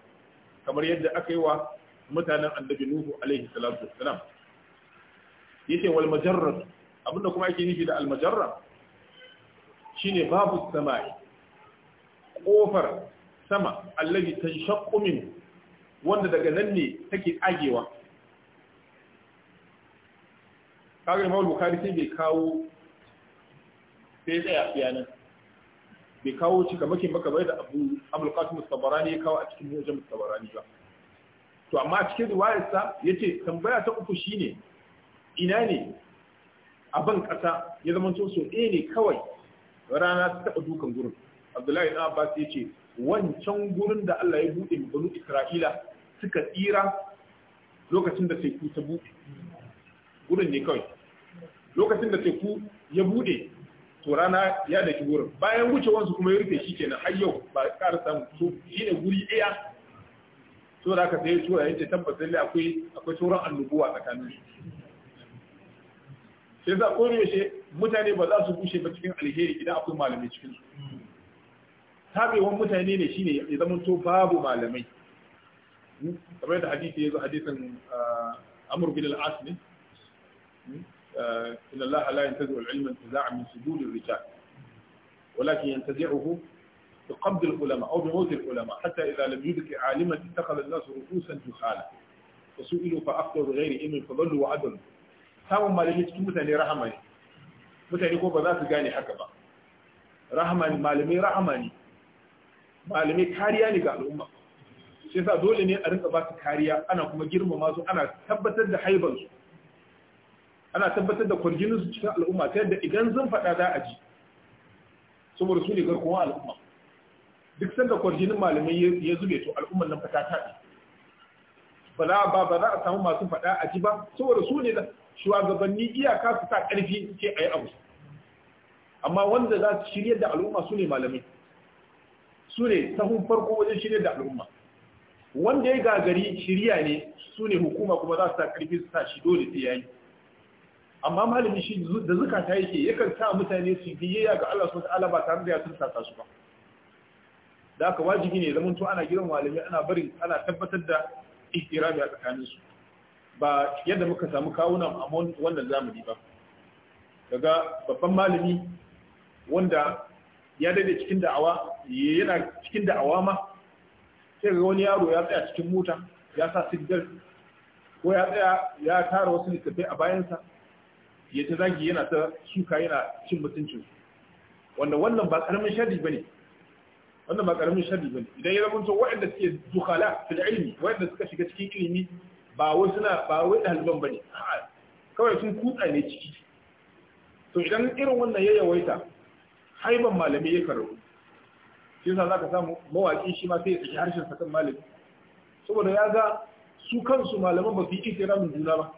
A: kamar yadda aka yi wa mutanen annabi nuhu alaihi salatu wassalam yace wal majarrat abinda kuma ake nufi da al shine babu sama'i kofar sama allazi tanshaqqu min wanda daga nan ne take agewa kaga mawul Bukhari sai bai kawo sai tsaya bayanan bai kawo shi kamar maka bai da Abu abul Qasim sabarani ya kawo a cikin Mujam sabarani ba to amma a cikin riwayarsa yace tambaya ta uku shine ina ne a ban kasa ya zama so ne kawai rana ta taɓa dukan gurin abdullahi ɗan abbas ya ce wancan gurin da allah ya buɗe mu banu isra'ila suka tsira lokacin da teku ta buɗe gurin ne kawai lokacin da teku ya buɗe to rana ya daki gurin bayan wucewansu kuma ya rufe shi kenan har yau ba ƙara samu so shi ne guri ɗaya so da aka sai tura ya ce tabbatar da akwai sauran annubuwa tsakanin su sai za kore yaushe mutane ba za su bushe ba cikin alheri idan akwai malamai cikin su tabewan mutane ne shine ya zama to babu malamai kamar da hadisi yazo hadisin amr bin al-as ne إن الله لا ينتزع العلم انتزاعا من سجود الرجال ولكن ينتزعه بقبض العلماء أو بموت العلماء حتى إذا لم يدرك عالما اتخذ الناس رؤوسا جهالا فسئلوا فأفتوا بغير علم فضلوا وعدلوا samun malami cikin mutane rahama ne mutane ko ba za su gane haka ba rahama ne malamai rahama ne malamai kariya ne ga al'umma shi yasa dole ne a rinka ba su kariya ana kuma girmama su ana tabbatar da haibansu ana tabbatar da kwarjinin su cikin al'umma ta yadda idan zan faɗa za a ji saboda su ne garkuwa al'umma duk sanda kwarginin malamai ya zube to al'ummar nan fata ta ba za a samu masu faɗa a ji ba saboda su ne shugabanni iyaka su sa ƙarfi ce a yi abu amma wanda za su shirya da al'umma su ne malamai su ne sahun farko wajen shirya da al'umma wanda ya gagari shirya ne su ne hukuma kuma za su sa ƙarfi su sa shi dole sai yayi amma malami shi da zukata yake yakan sa mutane su biyayya ga Allah subhanahu ta'ala ba tare da ya tursasa su ba da haka wajibi ne zaman ana giran malami ana barin ana tabbatar da ihtirami a tsakanin su ba yadda muka samu kawunan amon wannan zamani ba daga babban malami wanda ya daidai cikin da'awa yana cikin da'awa ma sai ga wani yaro ya tsaya cikin mota ya sa sigar ko ya tsaya ya tara wasu littattafai a bayansa ya ta zagi yana ta suka yana cin mutuncin wanda wannan ba karamin sharri bane wannan ba karamin sharri bane idan ya zama to waɗanda suke zuhala fil ilmi waɗanda suka shiga cikin ilimi ba wasu na ba wai ɗaliban ba ne kawai sun kutsa ne ciki to idan irin wannan ya yawaita haiban malami ya karu shi yasa za ka samu mawaƙi shi ma sai ya saki harshen sakan malami saboda ya ga su kansu malaman ba su yi ikiramin juna ba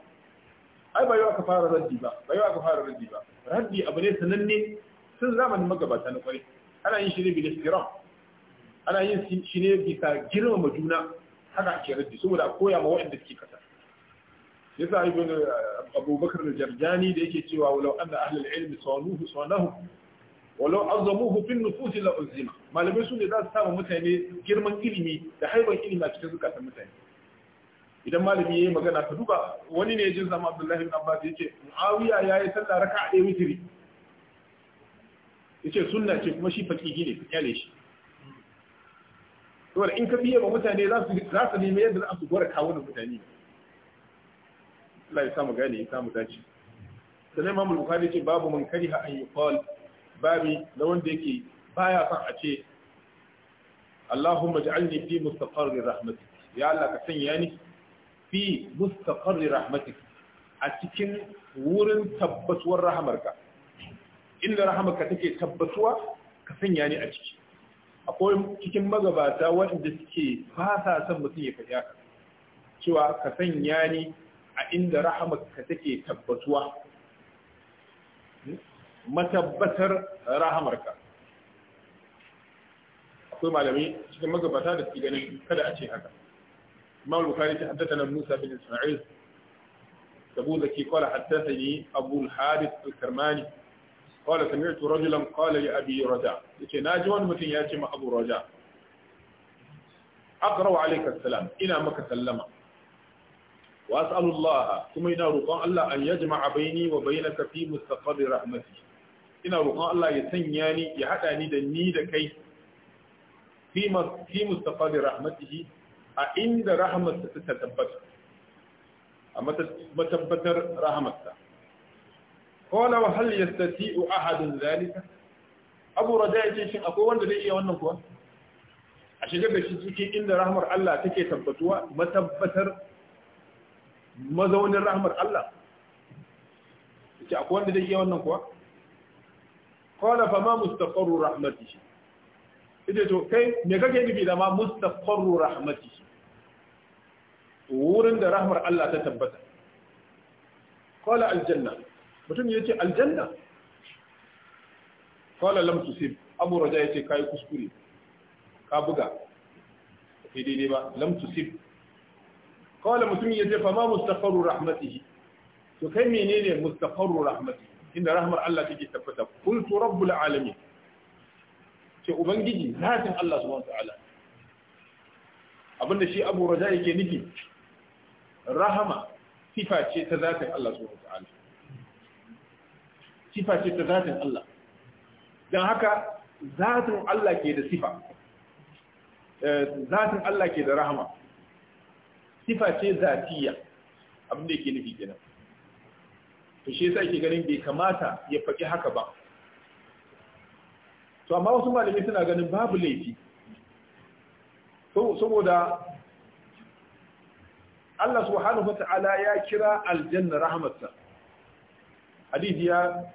A: ai ba yau aka fara raddi ba ba yau aka fara raddi ba raddi abu ne sananne sun zamanin magabata na kwarai ana yin shi ne bil ana yin shi ne bisa girmama juna haka ake raddi saboda a koya ma waɗanda suke kasa yasa ibn abubakar da jarjani da yake cewa walau da ahlul ilmi sanuhu sanahu walau azamuhu hufin nufusi la uzima malamai su ne za su samu mutane girman ilimi da haiban ilimi a cikin zukatan mutane idan malami ya yi magana ka duba wani ne jin zama abdullahi ibn abbas yace muawiya yi sallah a ɗaya witri yace sunna ce kuma shi faqihi ne ka kyale shi saboda in ka biye ba mutane za su nemi yadda za su gora kawo da mutane Allah ya samu gane ya samu dace sannan Imam Bukhari ce babu man kariha an yuqal babi na wanda yake baya son a ce Allahumma ja'alni fi mustaqarri rahmatik ya Allah ka sanya ni fi mustaqarri rahmatik a cikin wurin tabbatuwar rahamarka inda rahamarka take tabbatuwa ka sanya ni a ciki akwai cikin magabata waɗanda suke fasa son mutum ya faɗi haka cewa ka sanya ni a inda rahamarka take tabbatuwa matabbatar rahamarka akwai malamai cikin magabata da suke ganin kada a ce haka imam al-bukhari ta haddatha musa bin isma'il tabu zaki qala haddathani abu al-harith al-karmani qala sami'tu rajulan qala li abi raja yace naji wani mutum ya ce ma abu raja aqra'u alayka salam ina maka sallama wa as'alu kuma ina roƙon Allah an yajma'a baini wa bainaka fi mustaqbal rahmati ina roƙon Allah ya sanya ni ya haɗa ni da ni da kai fi fi mustaqbal a inda rahmatsa matabbatar rahmatsa kola wa hal yastati'u ahadun zalika abu raja yake shin akwai wanda zai iya wannan kuwa a shigar da shi cikin inda rahmar Allah take tabbatuwa matabbatar mazaunin rahmar Allah yake akwai wanda zai iya wannan kuwa kola fa ma mustaqarru rahmatihi ita to kai me kake nufi da ma mustaqarru rahmatihi wurin da rahmar Allah ta tabbata kola aljanna mutum ya ce aljanna kawai lam tusib abu raja ya ce kayi kuskure ka buga kai daidai ba lam tusib kawai mutum ya ce fama mustafaru rahmatihi to kai menene mustafaru rahmatihi inda rahmar Allah take tabbata kuntu rabbul alamin ce ubangiji zatin Allah subhanahu wataala abinda shi abu raja yake nufi rahama sifa ce ta zatin Allah subhanahu wataala sifa ce ta zatin Allah don haka zatin Allah ke da sifa eh, zatin Allah ke da rahama sifa ce zatiya abinda ke yake nufi kenan to shi yasa yake ganin bai kamata ya faki haka ba to amma wasu malamai suna ganin babu laifi saboda Allah subhanahu ta'ala ya kira aljanna rahmatsa hadisi ya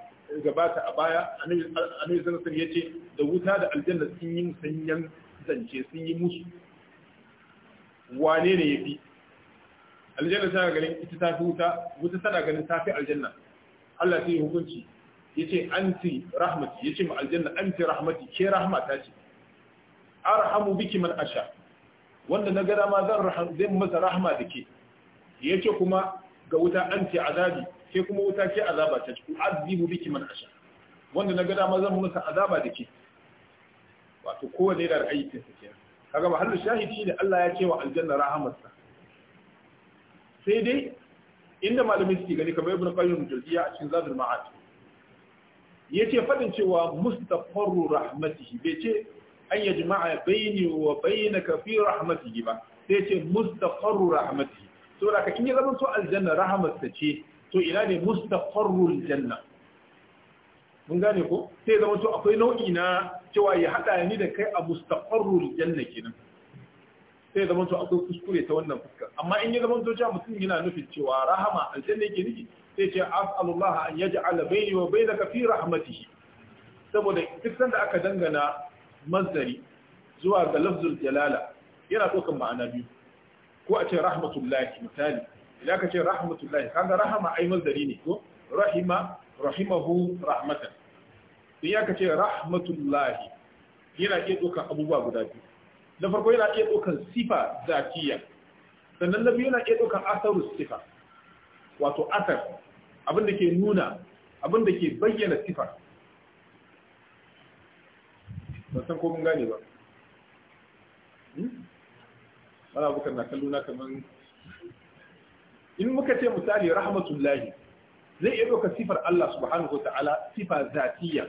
A: gabata a baya a sallallahu zan ya ce da wuta da aljanna sun yi musanyen zance sun yi musu wane ne ya fi? aljanna tana ganin ita ta fi wuta wuta tana ganin ta fi aljanna Allah sai hukunci ya an anti rahmati ya ce ma aljanna anti rahmati ke rahmata ce arhamu biki man asha wanda na gada ma zan rahama da masa rahma ce kuma ga wuta anti azabi ke kuma wuta ke azaba ta ci azibu biki man asha wanda na ga dama zan masa azaba da ke wato kowane da aikin sa kenan kaga ba halu shahidi ne Allah ya ce wa aljanna rahamarsa sai dai inda malamin suke gani kamar ibn qayyim jawziya a cikin zadul ma'ad yace fadin cewa mustafarru rahmatihi bai ce an yajma'a baini wa bainaka fi rahmatihi ba sai ce mustafarru rahmatihi saboda ka in ya zama so aljanna rahmatsa ce to ina ne mustaqarrul janna mun gane ko sai zama to akwai nau'i na cewa ya hada ni da kai a mustaqarrul janna kenan sai zama to akwai kuskure ta wannan fuskar amma in ya zama to cewa mutum yana nufin cewa rahama aljanna yake nufi sai ce as'alullah an yaj'ala bayni wa bainaka fi rahmatihi saboda duk sanda aka dangana mazari zuwa ga lafzul jalala yana ɗaukar ma'ana biyu ko a ce rahmatullahi misali ila ka ce rahmatullahi kaga rahama ai mazdari ne ko rahima rahimahu rahmatan ya ka ce rahmatullahi yana iya dokan abubuwa guda biyu na farko yana iya dokan sifa zatiya sannan na biyu yana iya dokan asaru sifa wato asar abin da ke nuna abin da ke bayyana sifa ban san ko mun gane ba hmm? ana bukan na kalluna kamar in muka ce misali rahmatullahi zai iya ɗauka sifar Allah subhanahu wa ta'ala sifa zatiya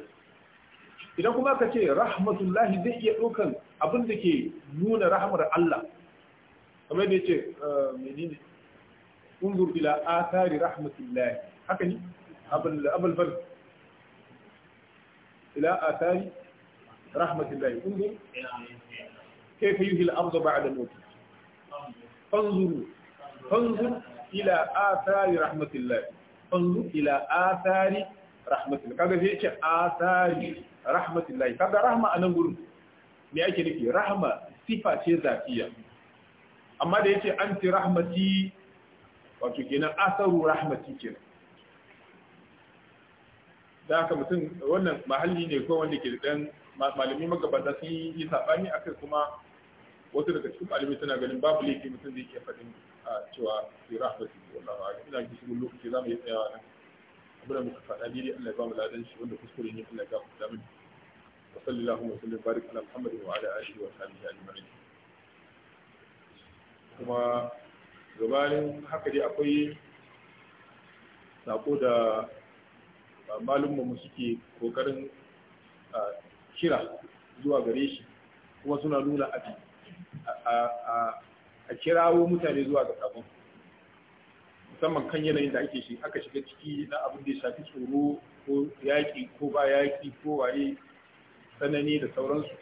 A: idan kuma ka ce rahmatullahi zai iya ɗaukan abin da ke nuna rahmar Allah kamar da ya ce ah, menene unzur ila athari rahmatullahi haka ne abul abul fal ila athari rahmatullahi unzur kayfa yuhil arda ba'da mawt fanzuru
B: fanzur
A: ila athari rahmatillahi fanzu ila athari rahmatillahi kaga sai ce athari rahmatillahi kaga rahma anan gurin me yake nufi rahma sifa ce zatiya amma da yace anti rahmati wato kenan asaru rahmati kenan da haka mutum wannan mahalli ne ko wanda ke da dan malami magabata sun yi sabani akai kuma wasu daga cikin malami suna ganin babu laifi mutum zai iya faɗin cewa sai rahmatu wallahu a'lam ina ji wani lokaci Za mu yi tsayawa nan abin da muka faɗa dai Allah ya ba mu ladan shi wanda kuskure ne Allah ya mu mana wa sallallahu wa sallam barik ala muhammadin wa ala alihi wa sahbihi ajma'in kuma gabanin haka dai akwai sako da mu suke kokarin kira zuwa gare shi kuma suna nuna abin a kirawo mutane zuwa ga sabon musamman kan yanayin da ake shi aka shiga ciki na abin da ya shafi tsoro ko yaƙi ko ba yaƙi ko waye tsanani da sauransu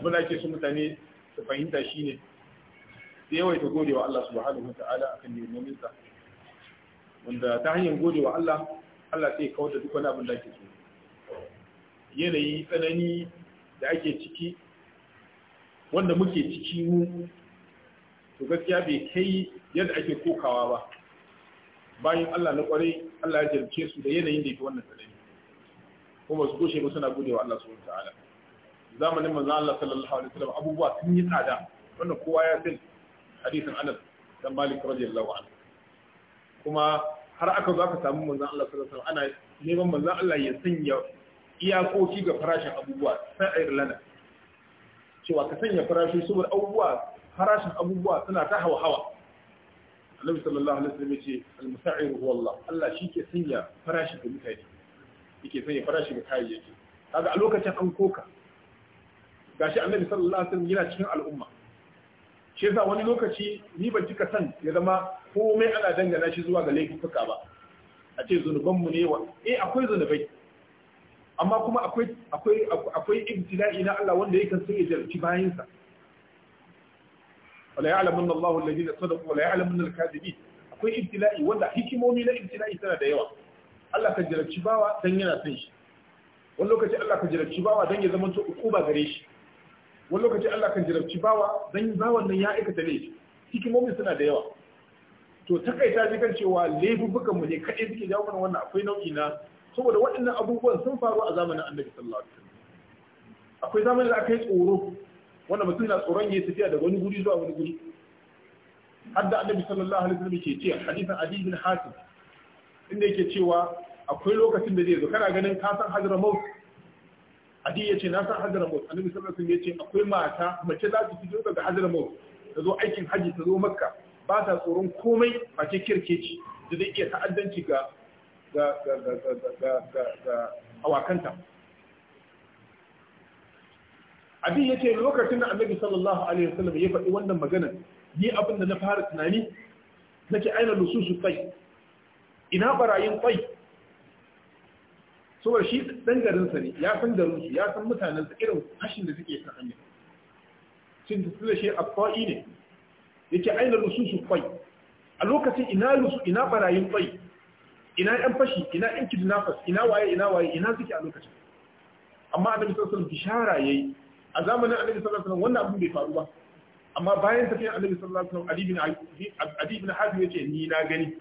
A: abin da ake so mutane su fahimta shine da yawaita gode wa Allah subhanahu wa ta'ala akan nemomin sa wanda ta hanyar gode wa Allah Allah sai kawar da duk wani abin da ake so yanayi tsanani da ake ciki wanda muke ciki mu to gaskiya bai kai yadda ake kokawa ba bayan Allah na kwarai Allah ya jarce su da yanayin da yake wannan tsanani kuma su goshe ba suna gode wa Allah subhanahu ta'ala zamanin manzon Allah sallallahu alaihi wasallam abubuwa sun yi tsada wannan kowa ya san hadisin Anas dan Malik radiyallahu anhu kuma har aka zo aka samu manzon Allah sallallahu alaihi wasallam ana neman manzon Allah ya sanya iyakoki ga farashin abubuwa sai ayi lana cewa ka sanya farashi saboda abubuwa farashin abubuwa suna ta hawa hawa annabi sallallahu alaihi wasallam yace al-musa'ir huwa Allah Allah shi ke sanya farashi ga mutane yake sanya farashi ga kayayyaki kaga a lokacin an koka gashi annabi sallallahu alaihi wasallam yana cikin al'umma shi yasa wani lokaci ni ban cika san ya zama komai ana dangana shi zuwa ga laifuka ba a ce zunubanmu ne wa eh akwai zunubai amma kuma akwai akwai akwai ibtila'i na Allah wanda yake sai ya jalci bayin sa wala ya'lamu Allahu alladhina sadaqu wala ya'lamu al-kadhibin akwai ibtila'i wanda hikimomi na ibtila'i tana da yawa Allah ka jalci bawa dan yana san shi wani lokaci Allah ka jarabci bawa don ya zama to ukuba gare shi wani lokaci Allah kan jarabci bawa don bawan nan ya aikata laifi hikimomi suna da yawa to takaita ji kan cewa laifuffukan mu ne kadai suke jawo mana wannan akwai nau'i na saboda waɗannan abubuwan sun faru a zamanin annabi sallallahu alaihi wasallam akwai zamanin da aka yi tsoro wanda mutum na tsoron ya tafiya daga wani guri zuwa wani guri har da annabi sallallahu alaihi wasallam ke cewa hadisin adi bin hatim inda yake cewa akwai lokacin da zai zo kana ganin ka san hadra maut adi yace na san hadra maut annabi sallallahu alaihi wasallam yace akwai mata mace za ta fito daga hadra maut ta zo aikin haji ta zo makka ba ta tsoron komai face kirkeci da zai iya ta'addanci ga ga ga, ga, ga, ga, ga, ga, awakanta abin yake lokacin da annabi sallallahu alaihi wasallam ya faɗi wannan magana ni abin da na fara tunani nake aina lususu tsai ina barayin tsai saboda shi dan garinsa ne ya san garinsu ya san mutanensa irin hashin da suke kan hanya sun da shi a ne yake aina lususu tsai a lokacin ina lusu ina barayin tsai ina yan fashi ina yan kidnappers ina waye ina waye ina suke a lokacin amma annabi sallallahu alaihi wasallam bishara yayi a zamanin annabi sallallahu alaihi wasallam wannan abin bai faru ba amma bayan tafiyar annabi sallallahu alaihi wasallam Ali bin Ali bin Hazim yace ni na gani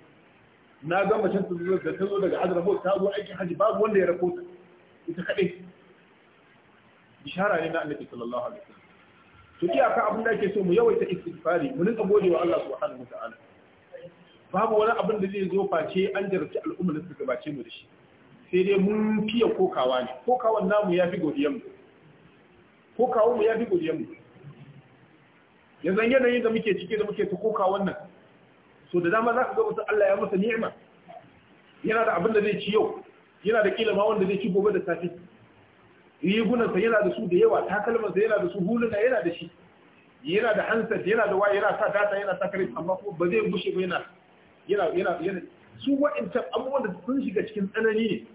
A: na ga mace ta da ta zo daga Hadramaut ta zo aikin haji babu wanda ya rako ita kadai bishara ne na annabi sallallahu alaihi wasallam to iyaka abin da ake so mu yawaita istighfari mu rinka gode wa Allah subhanahu wa ta'ala babu wani abin da zai zo face an jarabci al'ummar da suka gabace mu da shi sai dai mun fiye kokawa ne kokawan namu ya fi godiyan mu kokawan mu ya fi godiyan mu yanzu yanayin da muke cike da muke ta kokawan nan so da dama za ka ga mutum Allah ya masa ni'ima yana da abin da zai ci yau yana da kila ma wanda zai ci gobe da safe rigunansa yana da su da yawa takalmansa yana da su huluna yana da shi yana da hansa yana da waye yana sa data yana sa kare amma ko ba zai bushe ba yana yana yana yana su wa'ancan abubuwan da sun shiga cikin tsanani ne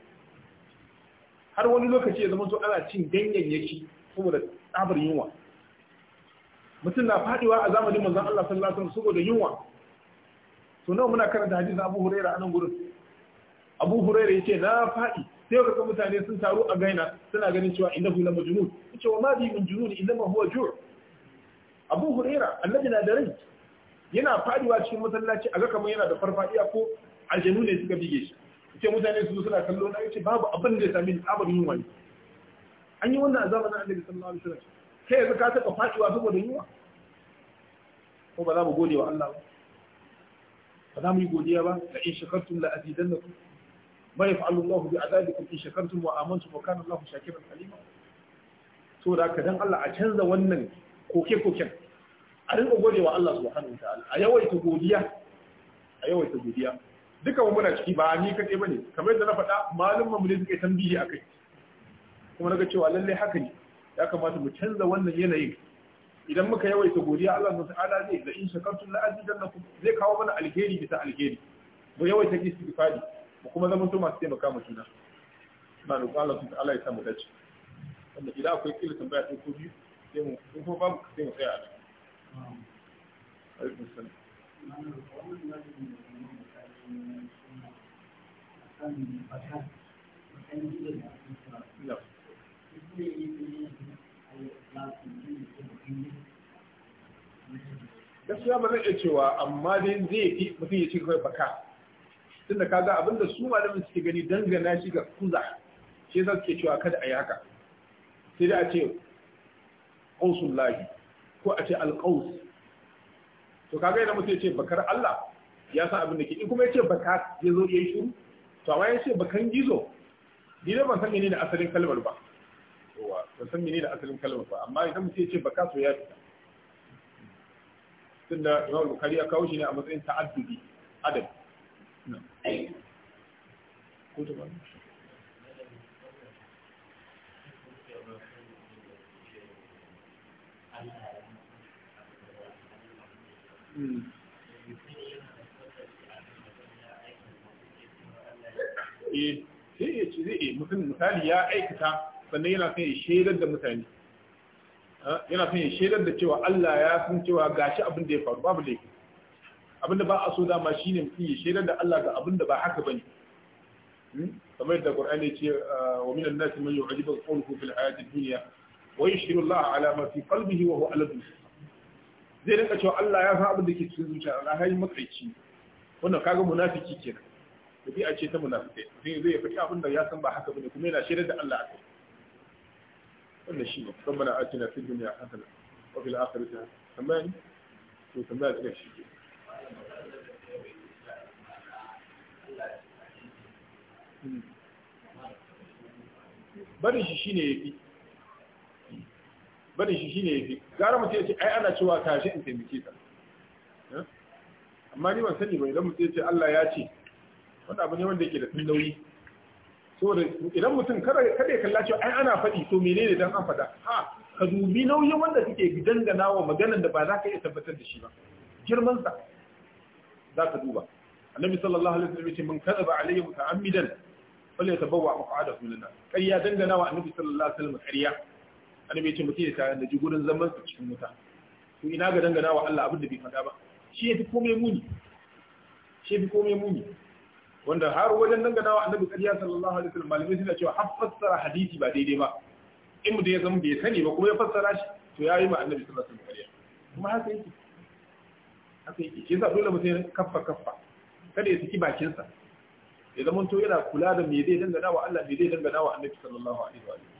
A: har wani lokaci ya zama to ana cin ganyayyaki saboda tsabar yunwa mutum na faɗiwa a zamanin manzon Allah sallallahu alaihi wasallam saboda yunwa to nawa muna karanta hadisin Abu Hurairah anan gurin Abu Hurairah yace na faɗi sai kaga mutane sun taru a gaina suna ganin cewa innahu la majnun yace wa ma bi min junun inma huwa ju' Abu Hurairah annabi na da rai yana faɗiwa cikin masallaci a ga kamar yana da farfaɗiya ko aljanu ne suka bige shi ce mutane su suna kallo na yace babu abin da ya sami tsabar yunwa ne an yi wannan azaban na annabi sallallahu alaihi wasallam kai yanzu ka saka faɗiwa saboda yunwa ko ba za mu gode wa Allah ba Ba za mu yi godiya ba la in shakartum la azidannakum ma yaf'alu Allah bi azabikum in shakartum wa amantum wa kana Allah shakiran alima saboda haka dan Allah a canza wannan koke-koken a rinka gode wa Allah subhanahu wa ta'ala a yawaita godiya a yawaita godiya duka muna ciki ba ni kaɗai bane kamar yadda na faɗa malumman mu ne suka yi tambihi akai kuma naga cewa lalle haka ne ya kamata mu canza wannan yanayin idan muka yawaita godiya Allah subhanahu ta'ala zai da in shakartum la azidannakum zai kawo mana alheri bisa alheri mu yawaita istighfari mu kuma zama to masu taimaka mu juna ina roƙon Allah subhanahu ta'ala ya samu dace wanda idan akwai kila tambaya ko biyu sai mu ko babu sai mu tsaya a nan gaskiya ba zai iya cewa amma dai zai fi mutum ya ce kawai baka tun da kaga abinda su malamin suke gani dangana shi ga kuza shi yasa suke cewa kada a yi haka sai dai a ce ƙunsun lahi ko a ce alƙaus to kaga yana mutum ya ce bakar Allah ya san abin da ke in kuma ya ce baka ya zo ya yi shiru to amma ya ce bakan gizo ni dai ban san da asalin kalmar ba yawa ban san da asalin kalmar ba amma idan mutum ya ce baka to ya fita tunda Imam Bukhari ya kawo shi ne a matsayin ta'addudi adab ko to ba eh sai ya ce zai eh, mutum misali ya aikata sannan yana son ya shaidar da mutane yana son ya shaidar da cewa Allah ya san cewa gashi abin da ya faru babu laifi abin da ba a so dama shine mutum ya shaidar da Allah ga abin da ba haka bane hmm? kamar da Qur'ani ya ce ah, wa minan nasi man yu'jibu qawluhu fil hayati dunya wa yashhadu Allah ala ma fi qalbihi wa huwa ala zai rinka cewa Allah ya san abin da ke cikin zuciya Allah ya yi makaici wannan kaga munafiki kenan a ce ta munafikai zai zai faɗi abin da ya san ba haka bane kuma yana shaidar da Allah akai wannan shi ne rabbana atina fid dunya hasana wa fil akhirati hasana to tambaya da hmm. shi ke bari shi shine yafi barin shi shine yafi gara mutum ya ce ai ana cewa tashi in taimake ka eh? amma ni ban sani ba idan mutum ya ce Allah ya ce wanda abu ne wanda yake da nauyi saboda idan mutum kada ya kalla cewa ai ana faɗi to menene dan an faɗa ha ka dubi nauyin wanda kake dangana wa maganar da ba za ka iya tabbatar da shi ba girman sa za ka duba annabi sallallahu alaihi wasallam ya ce man kadaba alayya muta'ammidan falyatabawwa maq'adahu min an-nar kayya dangana wa annabi sallallahu alaihi wasallam kariya annabi ya ce mutum ya tare da jigurin zaman su cikin wuta to ina ga dangana wa Allah abin da bai faɗa ba shi ya fi komai muni shi ya fi komai muni wanda har wajen dangana wa annabi kariya sallallahu alaihi wasallam malamai suna cewa har fassara hadisi ba daidai ba in mutum ya zama bai sani ba kuma ya fassara shi to ya yi ma annabi sallallahu alaihi wasallam kariya kuma haka yake haka yake shi yasa dole mutum ya kaffa kaffa kada ya saki bakinsa ya zama to yana kula da me zai dangana wa Allah me zai dangana wa annabi sallallahu alaihi wasallam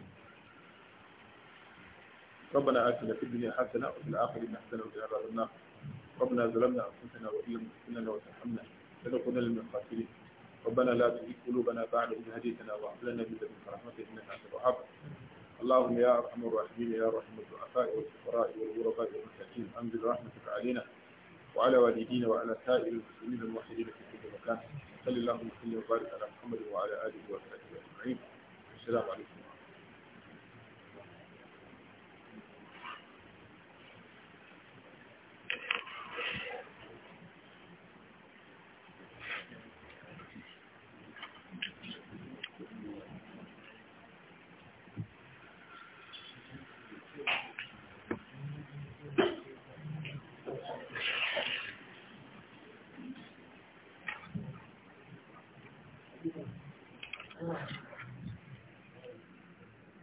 A: ربنا آتنا في الدنيا حسنة وفي الآخرة حسنة وفي عذاب النار ربنا ظلمنا أنفسنا وإن لم تغفر لنا وترحمنا لنكونن من الخاسرين ربنا لا تزغ قلوبنا بعد إذ هديتنا وهب لنا من لدنك رحمة إنك أنت الوهاب اللهم يا أرحم الراحمين يا رحم الضعفاء والفقراء والغرباء والمساكين أنزل رحمتك علينا وعلى والدينا وعلى سائر المسلمين الموحدين في كل مكان صلى اللهم وسلم وبارك على محمد وعلى آله وصحبه أجمعين السلام عليكم